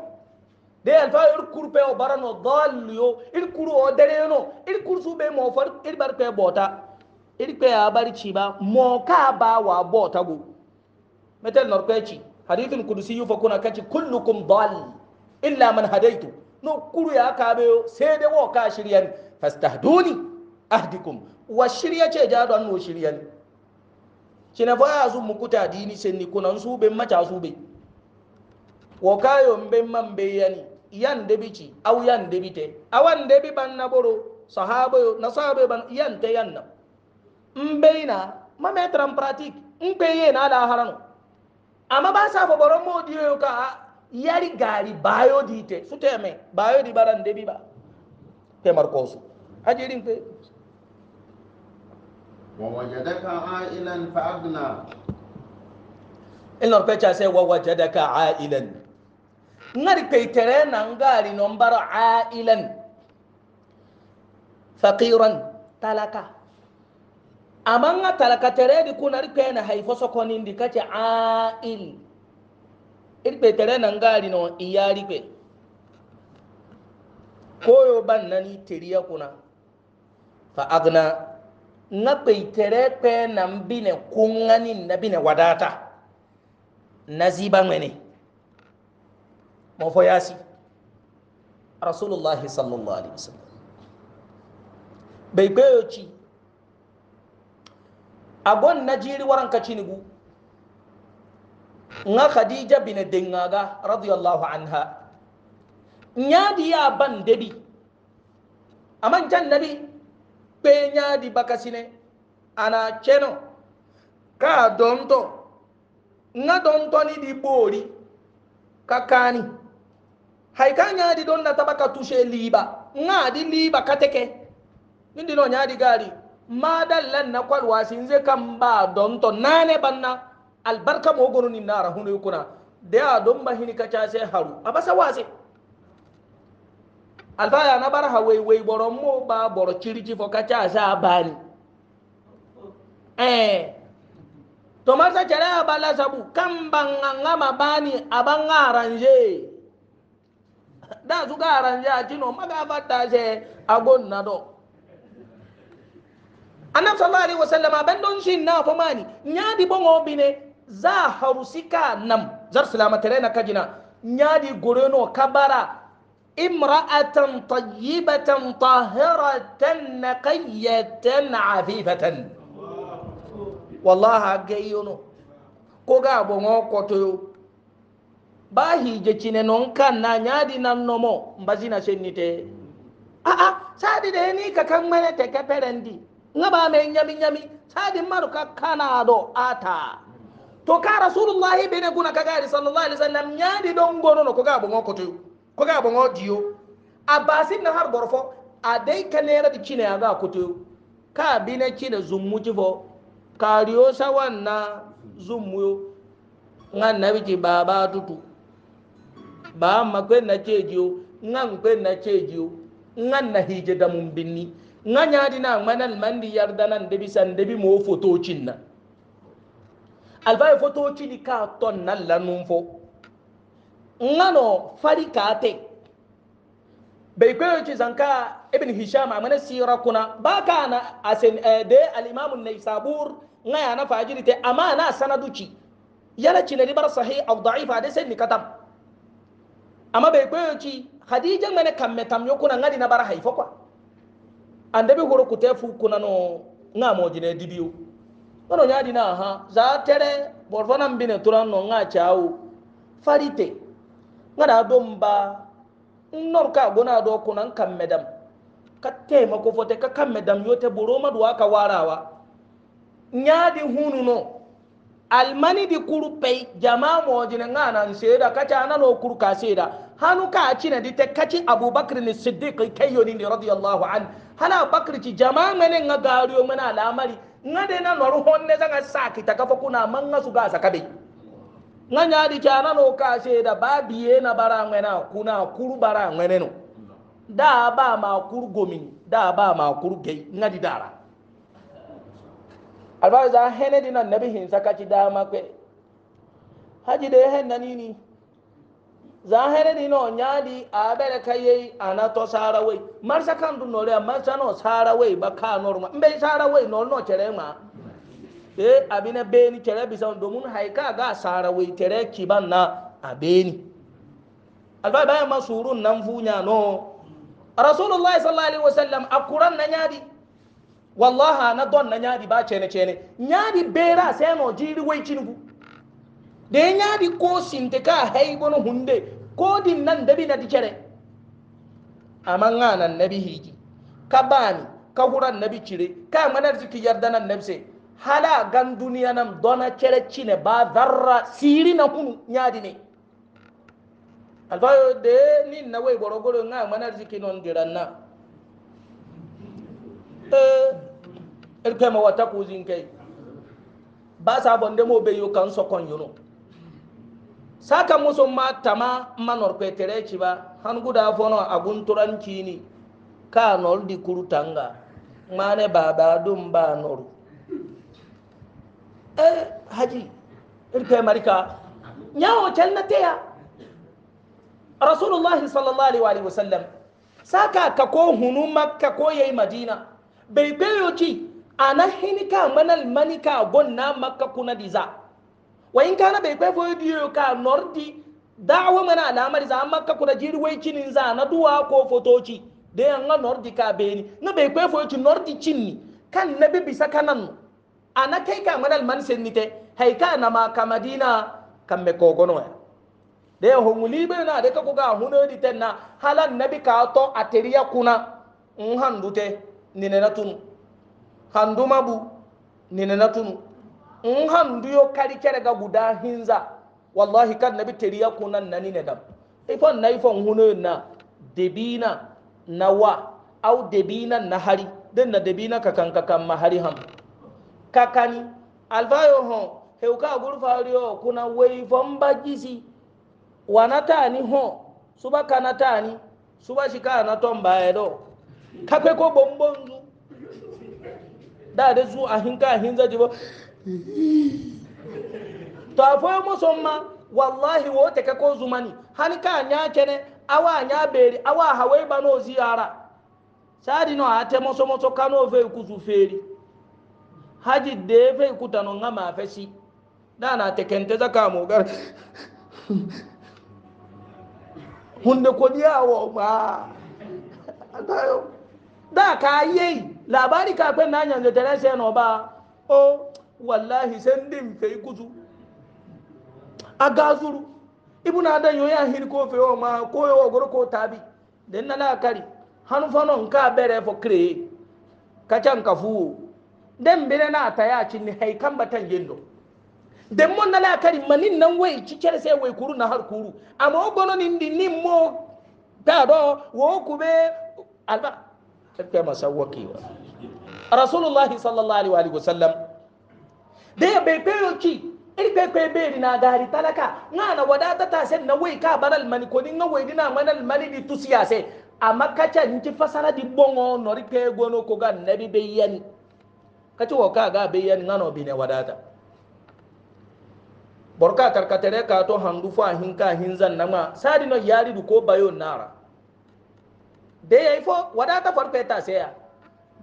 de alfa ir kurpe o barano dalyo ir kuru o dere no ir kursu be mo far ir barpe bota irpe ya barci ba mo ka ba wa bo tago metal norpeci hadithul qudusi yufa kuna kaci kullukum dal illa man hadaitu no kuru ya ka be sai dai wo ka shiryan fastahduni ahdikum wa shirya ce ja don no shiryan cina fa ya su mukuta dini senni kunan su be mata su be wo ka yo mbe mambe yani yan debici aw yan debite awan debi ban na boro sahaba na sahaba ban yan te yan na mbeina ma mettre en pratique mpeye na ala harano amma ba sa boboro mo diyo ka yari gari bayo dite su teme bayo di baran debi ba pe markosu ajirin pe wa wajadaka ailan fa agna ilnor pe cha se wa wajadaka ailan ngari pe tere na ngari nombaro ailan faqiran talaka aman ga talakatere di kuna rikpe na haifo sokoni ndi kace ail irikpe tere na ngari no iya rikpe koyo ban nani teriya kuna fa agna na kpe tere kpe na mbine kungani na bine wadata na ziba ngwene mofo yasi rasulullahi sallallahu alaihi wasallam bai kpeyo agon na jiri waran ka nga khadija bin dingaga radiyallahu anha nyaadi ya ban debi aman can nabi pe nya di bakasine ana cheno ka donto nga donto ni di bori kakani haika nyaadi don na tabaka tushe liba nga di liba kateke nindi no nyaadi gari ma na kwalwa sin zai kan ba don to na ne banna albarka mo gonu ni nara hunu kuna da ya don ba hini kacha sai haru a basa wase alfaya na bar hawai wai boron mo ba boro kirki fo kacha sa bani eh to marsa cara bala sabu kan banganga mabani abanga aranje da su ga aranje a tino maga fata sai agon na do annabi sallallahu alaihi wasallam ban don shi na fa mani nyadi bongo bine za harusika nam zar salama tare na kajina nyadi goreno kabara imra'atan tayyibatan tahiratan naqiyatan afifatan wallahi gayono ko ga bongo koto ba hije cine non kan na nyadi nan nomo mbazina sennite a ah, a ah, sadi de ni ka kan mene te keperendi ngaba me nyami nyami sadi maru ka kana do ata to ka rasulullahi bene guna ka gari sallallahu alaihi wasallam nyadi don gono no ko ga bongo ko ko ga bongo diyo abasin na har gorfo a dai ka nera di kine aga ko to ka bine kine zummuji fo kariyo sawanna zummuyo ngan nabi ki baba tutu ba ma na chejiyo ngan kwen na chejiyo ngan na hije da binni nga nyaadi na manal mandi yardanan debi san debi mo foto cinna alfaye foto cini ka ton nan lanun fo nga no fari ka te bai kwayo ci zanka ibn hisham amana sira kuna ba ka na asin eh, de al-imam an-naysabur nga ya na fajiri te amma na sanadu ci yana ci na ribar sahih aw da'ifa de sai ni katam amma bai kwayo ci khadija mane kamme tam yokuna ngadi na bar haifo kwa ande be goro kute kuna no nga mo jine dibiu nono nyadi na ha za tere borfana mbine turan no nga chao farite nga da do mba nnor ka gona do kuna kan medam ka tema ko fote ka kan medam yote boro maduwa ka warawa nyadi hunu no almani di kuru pei jama mo jine nga na nseda ka cha na no kuru ka seda hanu ka chine di te kachi abubakar ni siddiq kayyoni radiyallahu anhu hala bakirci jama'a ngane nga gariyo ngana alamari ngade na noru honne zanga saki takafa kuna manga su gasa kabe nga nyaadi kyana no kashe da babiye na bara ngena kuna kuru bara ngene no da ba ma kuru gomin da ba ma kuru gei ngadi dara albaza hene dinan nabi hin sakati dama kwe haji de hen nanini zahere dino nyadi abere kaye anato saraway marsa kan dun nore marsa no saraway ba ka norma mbe saraway no no chere ma e abine beni chere bisa domun haika ga saraway tere kiban na abeni alba ba ma surun nan funya no rasulullahi sallallahu alaihi wasallam akuran na nyadi wallahi na don na nyadi ba chene chene nyadi bera sai no jiri wai chinugu da ya nyadi ko sintika hai bono hunde ko din nan dabi na dikere amma ngana nabi hiji ka bani ka huran nabi cire ka manar ziki yarda nan nabse hala gan duniya nan dona cere cine ba zarra siri na hunu nyadi ne alfayo de ni na wai borogoro nga manar ziki non diran na eh elkema wata kuzin kai ba sa bonde mo be kan sokon yuno know saka muso ma tama ma norpe tere ciba han guda fono agun turancini ka nol di kurutanga mane baba dum ba noru eh haji irke marika nyawo cannateya rasulullahi sallallahu alaihi wasallam saka ka ko hunu makka ko yayi madina bai bayo ci ana hinika manal manika gonna makka kuna diza wa in kana bai kai foyo diyo ka nordi da'awa mana alamar za makka kuna jiri wai kinin za na duwa ko fotoci da yan na nordi ka beni na bai kai foyo nordi cinni kan nabi bi bisa kanan ana kai ka manal man sennite hay ka na ma ka madina kan me kogono ya da ya honguli bai na da ka kuga huno di tenna halan nabi ka to ateriya kuna in handute ni ne na tunu handu ni ne na in han duyo kari kere ga guda hinza wallahi kan nabi teriya kunan nani ne dam ifon na ifon huno na debina na wa au debina na hari den na debina kakan kakan mahari hari ham kakani alfayo ho heuka gurfa riyo kuna wei fomba jisi wanata ni ho suba kanata ni suba shika na tomba edo kakwe ko bombonzu da da ahinka ahinza jibo to afoyo mosomma wallahi wo teke ko zumani hani ka anya kene awa anya beri awa hawe bano ara sadi no ate moso moso kano fe kuzu feri haji de fe kutano ngama fesi dana tekente zaka mo gar hunde ko dia wo ma da ka yei labari ka pe na nya ndetere se no ba o wallahi sai din fei kuzu a gazuru ibu na dan yoya hin ko fe o ma ko yo gor ko tabi den na la kari hanu fano nka bere fo kree kacan kafu den bere na taya cin ni hay kan batan yendo den mon na la kari manin nan wai cicer sai wai kuru na har kuru amma o gono nin din nin mo ta do wo kube alba kai masa wakiwa rasulullahi sallallahu alaihi wa da ya bai fayo ki iri kai kai bai na gari talaka nga na wadata ta sen na wai ka banal mani ko ni nga wai dina manal mani di tu siyase amma kacha nti fasara di bongo nori pe gono ko ga nabi bai yani kacha wo ka ga bai yani ngano bi ne wadata borka karkatere ka to handu fa hinka hinzan ma sadi no yari du ko bayo nara de ay fo wadata farpe ta seya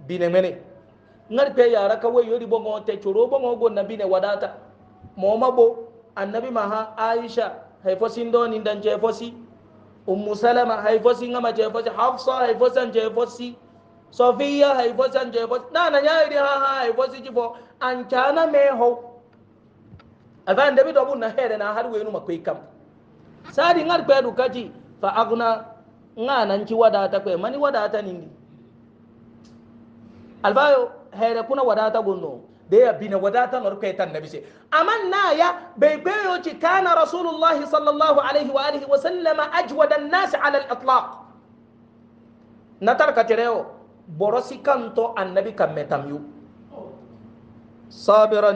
bine mene ngar pe yara kawai yori bongo te choro bongo go nabi ne wadata mo mabo annabi maha aisha haifosi ndo ni dan jefosi ummu salama haifosi ngama jefosi hafsa haifosi an jefosi sofiya haifosi an jefosi na na ya iri ha ha haifosi jifo an kana me ho avan dabi do bun na here na har wenu makai kam sadi ngar pe du kaji fa agna nga nan ci wadata pe mani wadata nindi albayo here kuna wadata gonno de ya bina wadata lor kay tan nabi se aman na ya be be yo ci kana rasulullahi sallallahu alaihi wa alihi wa sallama ajwada an-nas ala al-itlaq natar ka tereo borosi kanto annabi kam metamyu صابرا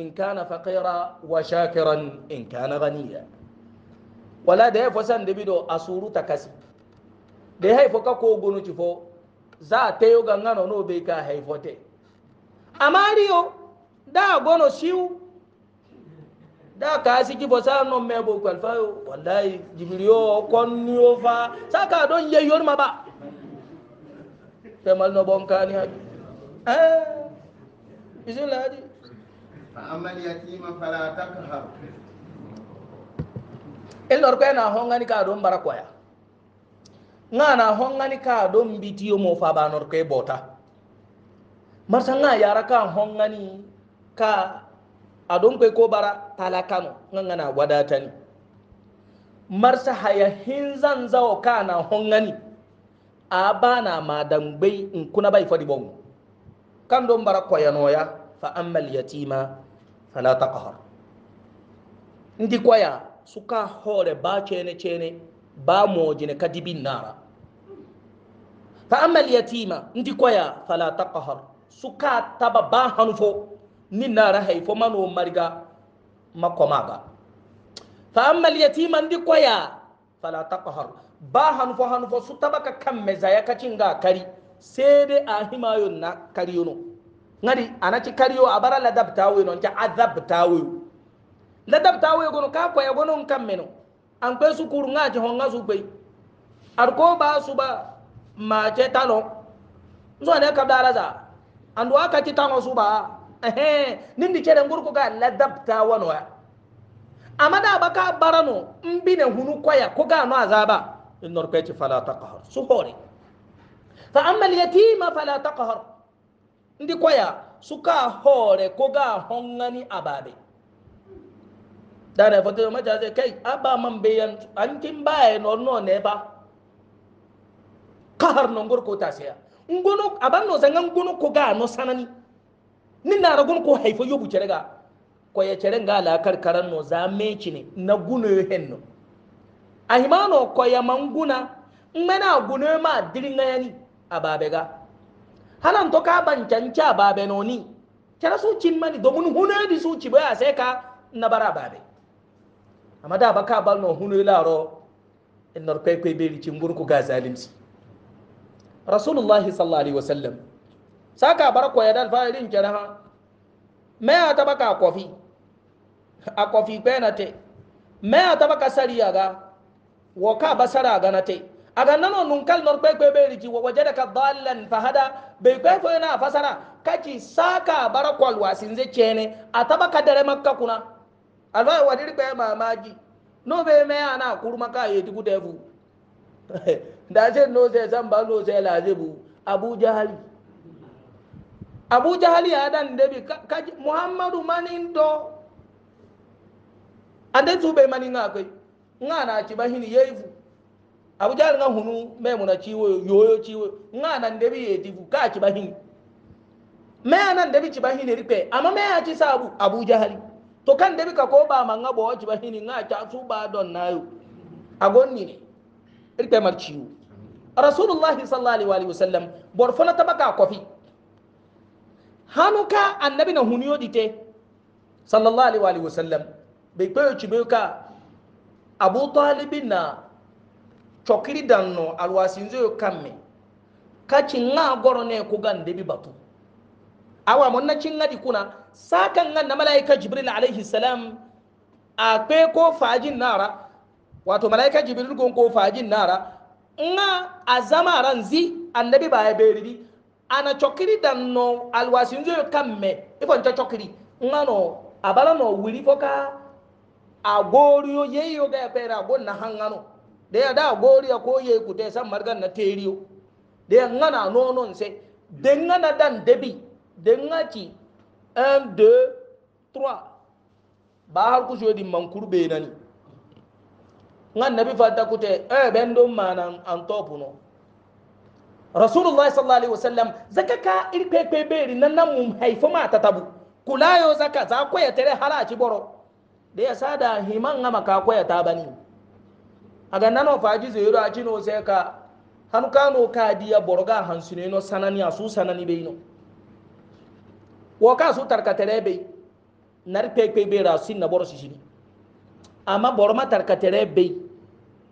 إن كان فقيرا وشاكرا إن كان غنيا ولا ده فسان دبيدو أسورو تكسب ده هاي فوكا كو غنو تفو za a ta yi gangano no bai ka haifote amariyo da gono siu da ka sigi bo sa no me bo kwal fa wallahi o kon ni o fa saka don ye yor ma ba te mal no bon kani ha eh izin la di fa amal yatima fala takhar el nor ko na hongani ka don bara koya ngana hongani ka don bitiyo mo fa ba nor ko e bota marsanga yara ka hongani ka adon kai ko bara talakano ngana wadatani marsa haya hinzan zawo kana hongani a bana madangbai in kuna bai fadi bon kan don bara koyanoya fa ammal yatima fala taqhar ndi koya suka hore ba cene cene ba mojine kadibin nara fa ammal yatima ndi koya fala taqhar suka taba ba hanfo ni nara haifo mano mariga makomaga fa amma yatiman di koya fala taqhar ba hanfo hanfo su taba ka kan mezaya kacin ga kari sai dai a himayon na kariyono ngari anaci kariyo abara ladab tawe non ja adab tawe ladab tawe gono ka koya gono kan meno an kwe su kuru nga ji honga su kwe arko ba su ba ma ce talo zuwa ne kabda alaza andu aka kita no suba ehe nindi chere ngurko ga ladabta wano ya amada baka barano mbine hunu koya ko ga no azaba innor peci fala taqhar su hore fa amma al yatima fala taqhar ndi koya suka hore ko ga hongani ababe dana fote ma jaje kai aba man beyan an baye no no ne ba no ngurko tasiya ngono abanno zanga ngono ko ga no sanani nin na ragun ko haifo yobu cerega ko ya cerenga la karkaran no za meci ne na guno yo henno ahimano ko ya manguna mmena guno ma diringa yani ababega halan to ka ban bancanca babe noni kera su cimmani domin hunedi su cibe a sai ka na bara babe amma da baka balno hunoyi laro inor kwaikwai beri cin gurku ga zalimsi rasulullahi sallallahu alaihi wasallam saka bar ko ya dal fa'irin kiraha me ya taba ka kofi a kofi penate me ya taba ka sariya ga wo ka basara ga nate aga nano nun kal nor pe pe be riji wo wajada ka dallan fahada be pe fo na fasara kaci saka bar ko alwasinze chene ataba ka dare makka kuna alwa wadiri pe mamaji no be me ana kurma ka yedi kudevu da ce no sai san ba lo sai lazibu abu jahali abu jahali ya dan debi muhammadu manin do ande su bai manin ga kai nga na ci bahini yefu abu jahali nga hunu me muna ciwo yoyo ciwo nga nan debi ye difu ka ci bahini me nan debi ci bahini ripe amma me ya ci sabu abu jahali to kan debi ka ko ba manga bo ci bahini nga ta su ba don nayo agonni ne ripe mar ciwo rasulullahi sallallahu alaihi wasallam bor fona tabaka kofi hanuka annabi na huniyo dite sallallahu alaihi wasallam bai kwayo cibuka abu talibin na cokiri danno alwasin zai kamme kacin na goro ne ku gan debi batu awa mun na cin ngadi kuna sakan nan na malaika jibril alaihi salam a ko fajin nara wato malaika jibril gon ko fajin nara nga azama aranzi annabi ba beriri ana chokiri dan no alwasinzo yo kamme ifo nta chokiri nga no abala no wuri foka agoriyo yeyo ga pera go na hangano da ya da agoriya ko ye ku te san margan na teriyo da nga na no no nse de nga na dan debi de nga ci 1 2 3 ba har ku jodi mankuru be nani nga nabi fata kute eh ben do mana an topuno rasulullahi sallallahu alaihi wasallam zakaka irpe pe beri nan nan mum haifo ma tatabu kula yo zaka za ko ya tare halaci boro da ya sada himan nga maka ko ya tabani aga nano faji zai ro aji no sai ka han kano ka diya borga hansune no sanani asu sanani be no wo ka su tarkatere be nar pe pe be na boro shi amma boro ma tarkatere be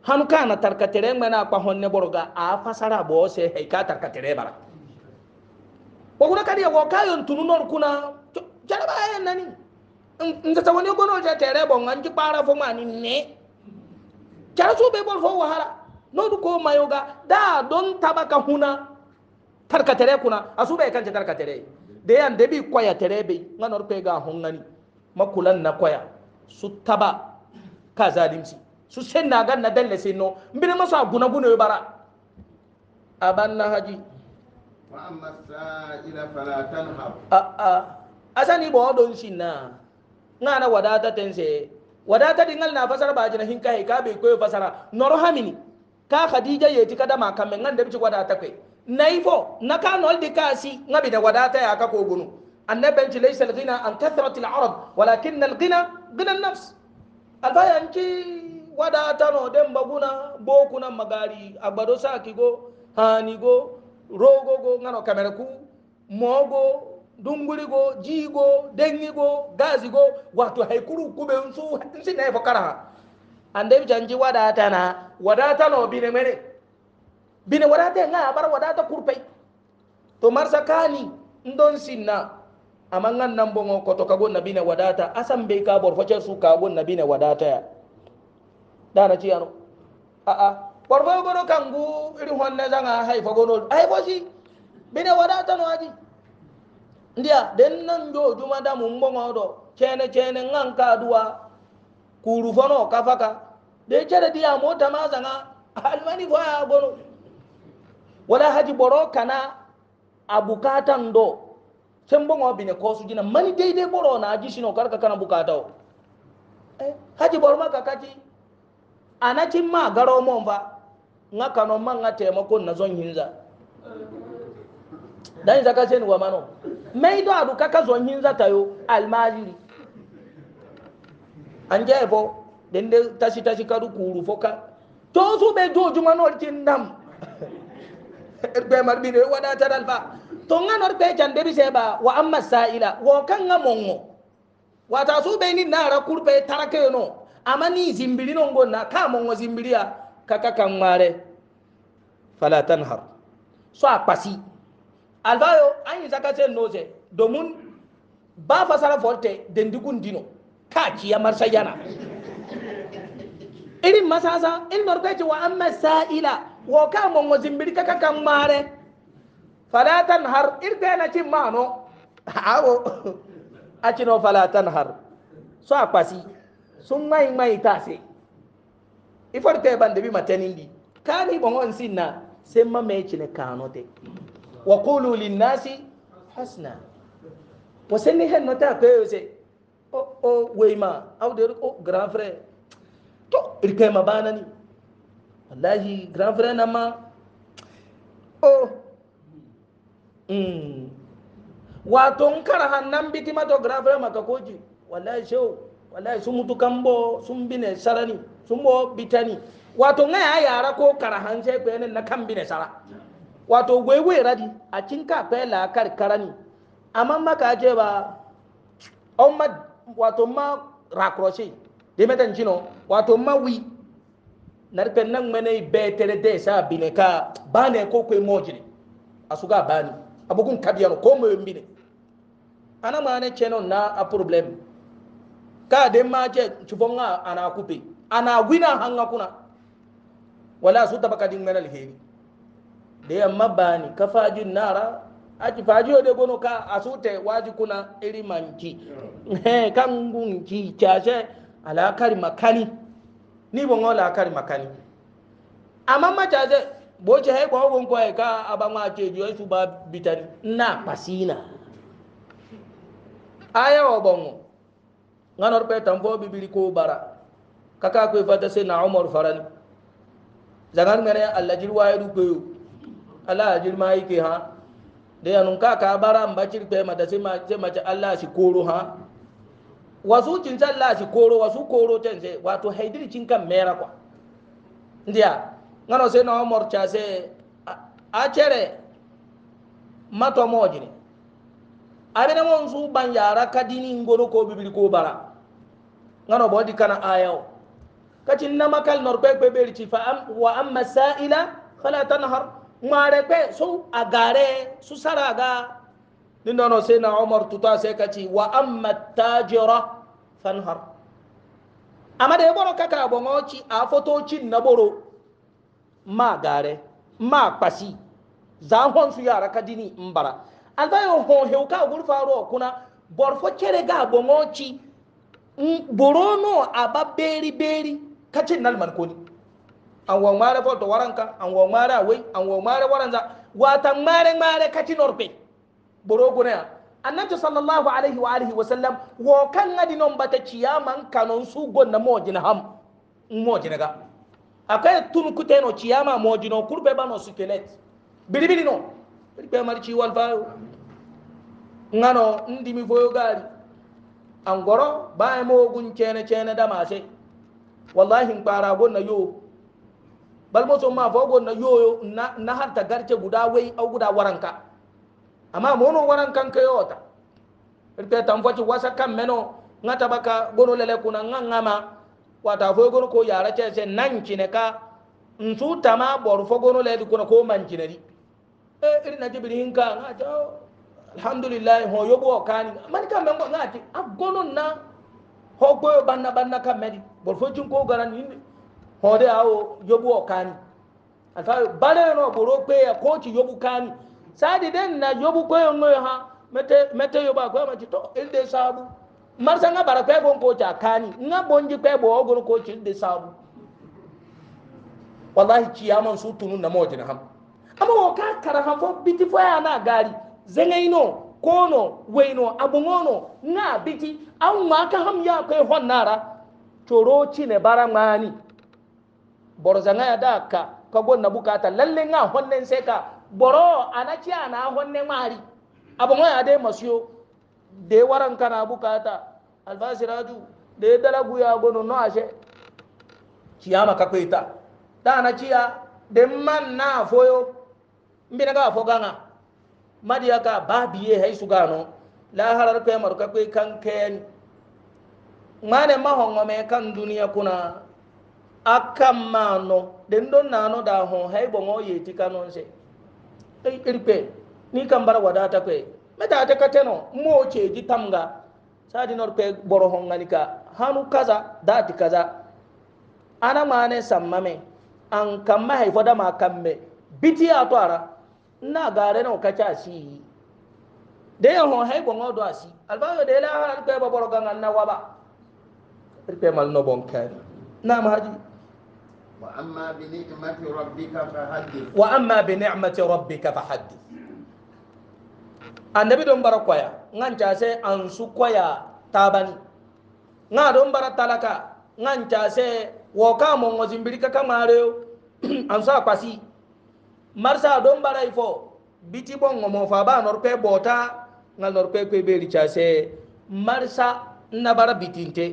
hanu kana tarkatere ngmena kwa honne boroga a fasara bo se heika tarkatere bara wakuna kadi ya wakayo ntunu nor kuna jaraba ya e nani nta wani gono ja tere bo nganji para fo mani ne jara so be bol fo wahara no du ko mayoga da don tabaka huna tarkatere kuna asube kan tarkatere da yan da bi kwaya terebe nganor pe ga hongani makulan na kwaya su taba ka zalimci su sen na gan na dalle sen no mbine ma sa guna guna yo bara aban na haji wa amma sa'ila fala tanhab a a asani bo don shin na ngana wadata tense wadata dingal na fasara ba jina hinka he ka be ko fasara noro hamini ka khadija yeti kada ma kamen ngan debi wadata kwe naifo naka nol de kasi ngabi da wadata ya ka ko gunu annabanci laysa al-ghina an kathrati arab walakin al-ghina ghina an-nafs alfaya anki wada tano den baguna na magari agbado saki go hani go rogo go ngano kamera ku mogo dunguri go jigo dengi go gazi go watu haikuru kube nsu nsi na ifokara ande janji wada na wada no bine mere bine wada tana bar wada ta kurpai to marsa kani ndon sinna amma ngan nan bongo kotoka go nabine wadata asan be ka bor focer su ka go nabine wadata ya dana ciyano aa borfoyo gono kangu iri honne zanga hayfo gonol hayfo si bine waɗatano aji ndiya den nan jo juma da mum bongo do cene cene ngan ka duwa kuru fono kafaka de cede diya mota ma zanga almani foya gono wala haji boro kana a bukatan do sen bongo bine kosu jina mani deidei boro na aji sino karka kana bukata o eh, haji boro ma kakati Ana anacin ma garo mon fa nga kano man nga taimakon na zon hinza dan zaka sen wa mano mai do adu kaka zon hinza tayo almajiri an je bo den de tashi tashi kadu kuru foka to su be do juma no tin dam erbe marbi ne wada taral ba to nga nor be jan debi seba wa amma sa'ila wo kan nga mongo wata su be ni nara kurbe tarake no Amani ni zimbiri non gonna ka mon ya kaka kan mare fala tanhar so a pasi alfayo an yi zakace noze domin ba fasara forte dendigun dino ka ciya marsa yana irin masasa in markai wa amma sa'ila wa ka mon zimbiri kaka kan mare fala tanhar irka yana cin mano awo a cino fala tanhar so a pasi sun mai mai ta se ifar te ban debi matenin di kani bon on na sai ma mai kano te, wa qulu lin nasi hasna wa sanni hen nota ko yo se o o au awde ko grand frère to irkema ni, wallahi grand frère nama o mm wato nkara hannan biti mato grand frère mato koji wallahi shehu wallahi sun mutu kambo sun bine sarani sun bo bitani wato nga ya yara ko karahan sai ko na kan bine sara wato gwegwe radi a cinka kai la kar karani amma maka je ba on ma wato ma rakroshe de metan jino wato ma wi narpe nan mene betere de sa bine ka bane ko ko mojini asuga bani abugun kabiyano ko mo mbine ana mane cheno na a problème ka de maje chufonga ana kupe ana gwina hanga kuna wala su tabaka din ngana alheri da yamma bani kafaji nara aji faji ode gono ka asute waji kuna iri manki he kan gunki chaje ala kari makani ni bongo la kari makani amma machaje boche he ko gon ko ka abama cheji yo suba bitani na pasina aya wa bongo nganor pe tamfo bibiri ko bara kaka ko fata se na umar farani zangar ngane allah jir wayidu ko allah jir mai ke ha de anun kaka bara mbacir pe ma se ma se ma allah si koro ha wasu cin allah si koro wasu koro tense wato haidir cin kan mera kwa ndiya ngano se na umar cha se a cere mato mojini abin mun ban yara kadini ngoro ko bibiri ko bara ngano bodi kana ayaw kati nama kal nor pe pe beri fa am wa amma sa'ila fala tanhar mare pe so agare su saraga nindo no sai na umar tuta sai kati wa amma tajira fanhar amma da boro kaka bongoci a fotoci na boro ma gare ma kpasi zahon su yara kadini mbara albayo hon heuka gurfaro kuna borfo kere ga bongoci no aba beri beri kacin nalman koni an wa mare folto waranka an wa mare awai an wa mare waranza wata mare mare kacin orpe boro gunaya annabi sallallahu alaihi wa alihi wa sallam wo kan ngadi non bata ciyaman kanon su gonna mojina ham mojina ga akai tun kuteno ciyama mojino kurbe bano sukelet bilibili no bilibili mari ciwal fayo ngano ndimi foyo gari an goro ba mo gun cene cene da ma sai wallahi in bara gonna yo bal mo so ma fo gonna yo na na ta garce guda wai au guda waranka amma mono warankan ka yota irte tan fo wasa kan meno ngata baka gono lele kuna ngangama wata fo gono ko yara ce se nan kine ka nsu tama bor fo gono lele kuna ko man kine ri e irin na jibrin ka ngata alhamdulillah ho yobo kani man kam men ngati agonon na ho goyo banna banna kam medi bor fo jun ko garan ni ho de awo yobo kani alfa bare no boro pe ya ko ci yobo kani sadi den na yobo ko yo ngoyo ha mete mete yoba ko ma ci to il de sabu marsa nga bara kwe gon ko cha kani nga bonji kwe bo gon ko ci de sabu wallahi ci su tunun na mojin ham amma wo ka kara ham fo biti fo ya na gari zengaino kono waino abungono na biki an maka ham ya kai honnara coro ne bara mani borzanga ya da ka ka gonna bukata lalle nga honnen sai ka boro anaci ana honne mari abungo ya dai masiyo da waran kana bukata albasiraju de ya dalagu ya gono no ashe ciyama ka kwaita da anaciya da man na foyo mbina ga fo madiya ka babiye hay sugano la harar ko mar ka ko kan ken mane ma hongo me kan duniya kuna akam mano den don nano da ho hay bo ngoye tikanon se ay irpe ni kam bar wadata ko meta ta ka teno mo che di tamga sadi nor pe boro hongani ka hanu kaza dati kaza ana mane sammame an kam ma hay foda ma kambe biti atwara ara na gare no kacha si de yo ho hay bongo do asi alba yo de la har pe bo boro gangan na waba pe mal no bon na ma haji wa amma bi ni'mati rabbika fahaddith wa annabi don bara kwaya ngan cha se an su kwaya tabani nga don bara talaka ngan cha se wo ka mo ngozimbirika kamare an sa kwasi marsa ɗon mbaray fo biti ɓon go mo fa ɓa norkue bota ngal norkue koye ɓeeri case marsa nabara bitinte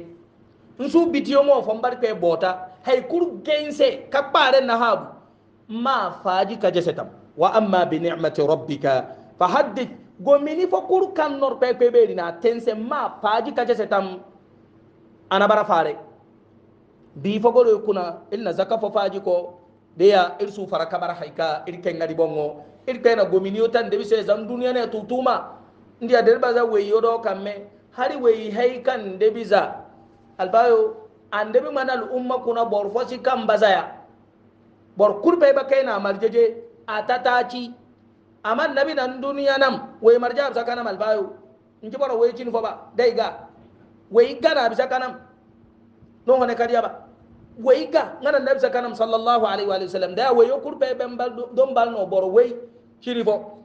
nsu bitiyomo fo mbar koye bota hay kur gense ka ɓare nahaɓu ma faaji ka jese tam wa amma bi nicmati rabbica fa haddi gomini fo kur kan norkue koye ɓeerina tense ma faaji ka jese tam anabara faare bi fogoɗo kuna ilna zaka fo faaji ko deya ir su fara kamar haika ir kai ngari bongo ir kai na gomini yotan de bise zam duniya ne tutuma ndia der baza we yodo kamme hari we haikan de biza albayo ande bi manal umma kuna bor fosi kam bazaya bor kurbe ba kai na marjeje atataci amma nabi nan duniya nam we marja bisa kanam albayo inji bora we cin fo ba dai ga we gana bisa kanam don hone kariya ba weiga ngana nabi sakanam sallallahu alaihi wa sallam da wayo kurpe ben bal don bal no bor wey shirifo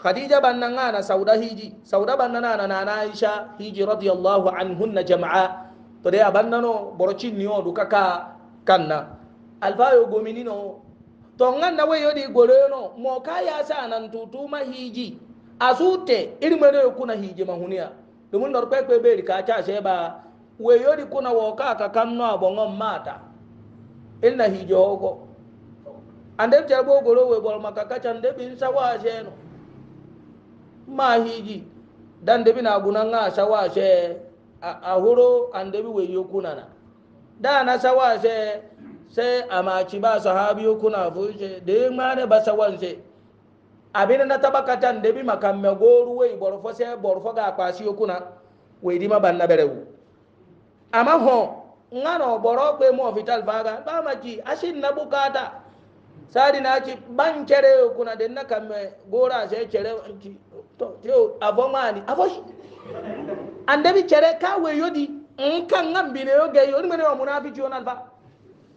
khadija banna ngana sauda hiji sauda banna nana nana aisha hiji radiyallahu anhunna jamaa to de abanna no boro chinni o du kanna alfayo gomini no to nganna wayo di gore no mo kaya sa nan tutuma hiji asute irmene kuna hiji mahunia dumun dor pe be ka cha sheba weyori kuna wokaka kanno abongo mata ilna hijogo ande jarbo goro we bol makaka chande bin sawa sheno ma hiji dan debi na gunanga sawa she a horo ande bi weyo kuna na da na sawa she sai amaci ba sahabi kuna fuje de mane ba sawan she abin na tabaka cande bi makamme goru we borfo se borfo ga kwasi kuna we di ma berewu amma ho ngano boro kwe mo vital baga ba maji ashin na bukata sadi na ci ban kere kuna den na kame gora sai kere anti to yo avo mani avo ande bi kere ka we yodi in kan ngam bine yo ge yoni mene wa munafiki yonan ba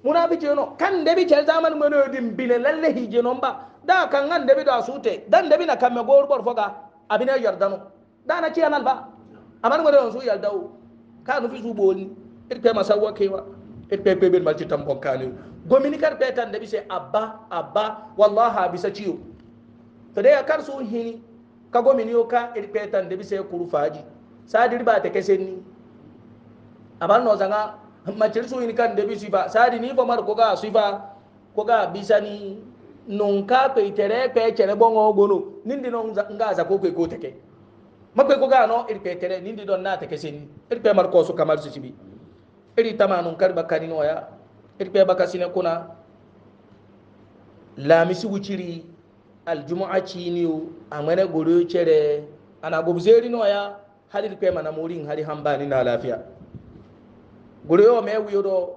munafiki yono kan de bi kere zaman mene yodi bine lalle hije non ba da kan ngan de bi da sute dan de bi na kame gor bor foga abina yardano da na ci anan ba kaga fi zuɓoni eɗi pema sawwa kewa eɗi pe peɓen malci tan bonkani gomini kar pe tan deɓi se abba abba wallah ha bisa ciyo to dai a kar sun hini ka gomini yo ka eɗi pe tan deɓi se kuru faji sadiri ba teke senni aban no zanga macir su hini kan deɓi suifa sadi ni fo mar koga suifa koga bisani non ka kpeitere kpe cere ɓoŋo gono nindi no nga za ko ko teke makwe ko gano irpe tere nindi don na ta kese ni irpe mar ko su kamar su cibi iri tamanun kar bakani no ya irpe bakasi ne kuna lamisi wuciri aljumu'a ciniyo amana goro cere ana gobzeri no ya hali irpe mana morin hali hambani na lafiya goro yo me wiyodo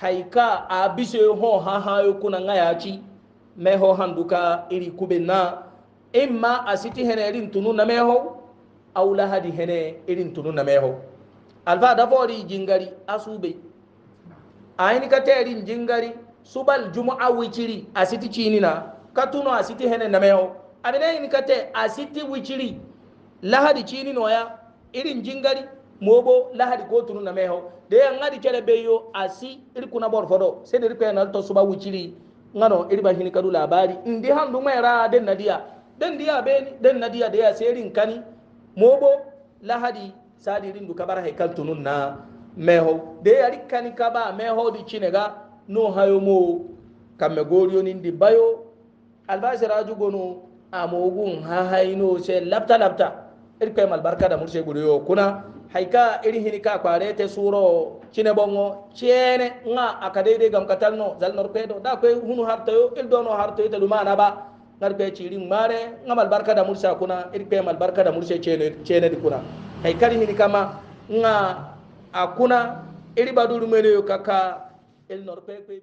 haika abise ho ha ha yo kuna ngaya ci me ho handuka iri kube na imma asiti hene irin tunu na meho aw lahadi hene irin tunu na meho alfa da fori jingari asube ayini ka irin jingari subal jumu'a wiciri asiti na ka tuno asiti hene na meho abine ini ka te asiti wiciri lahadi cini noya irin jingari mobo lahadi ko tunu na meho de yan ngadi kere beyo asi irkuna bor fodo se de rikwe na to suba wiciri ngano iriba hini kadu labari ndi handu mera den dia den dia be den nadia diya da ya serin kani mobo lahadi sadirin du kabar haikal tunun na meho de yari kani kaba meho di chinega no hayo mo kamme goriyo nin di bayo albasira jugono amogun ha haino se lapta lapta irkwe malbarka da murshe guriyo kuna haika iri hini ka kware te suro cine bongo cene nga aka daidai gamkatal no zalnar kwedo da kwe hunu harta ildono harta yo ta lumana ba ngarpe ciri mare ngamal barka da mursa kuna irpe mal barka da mursa cene cene kuna kai kari hini kama nga akuna iri baduru mene yo kaka el norpe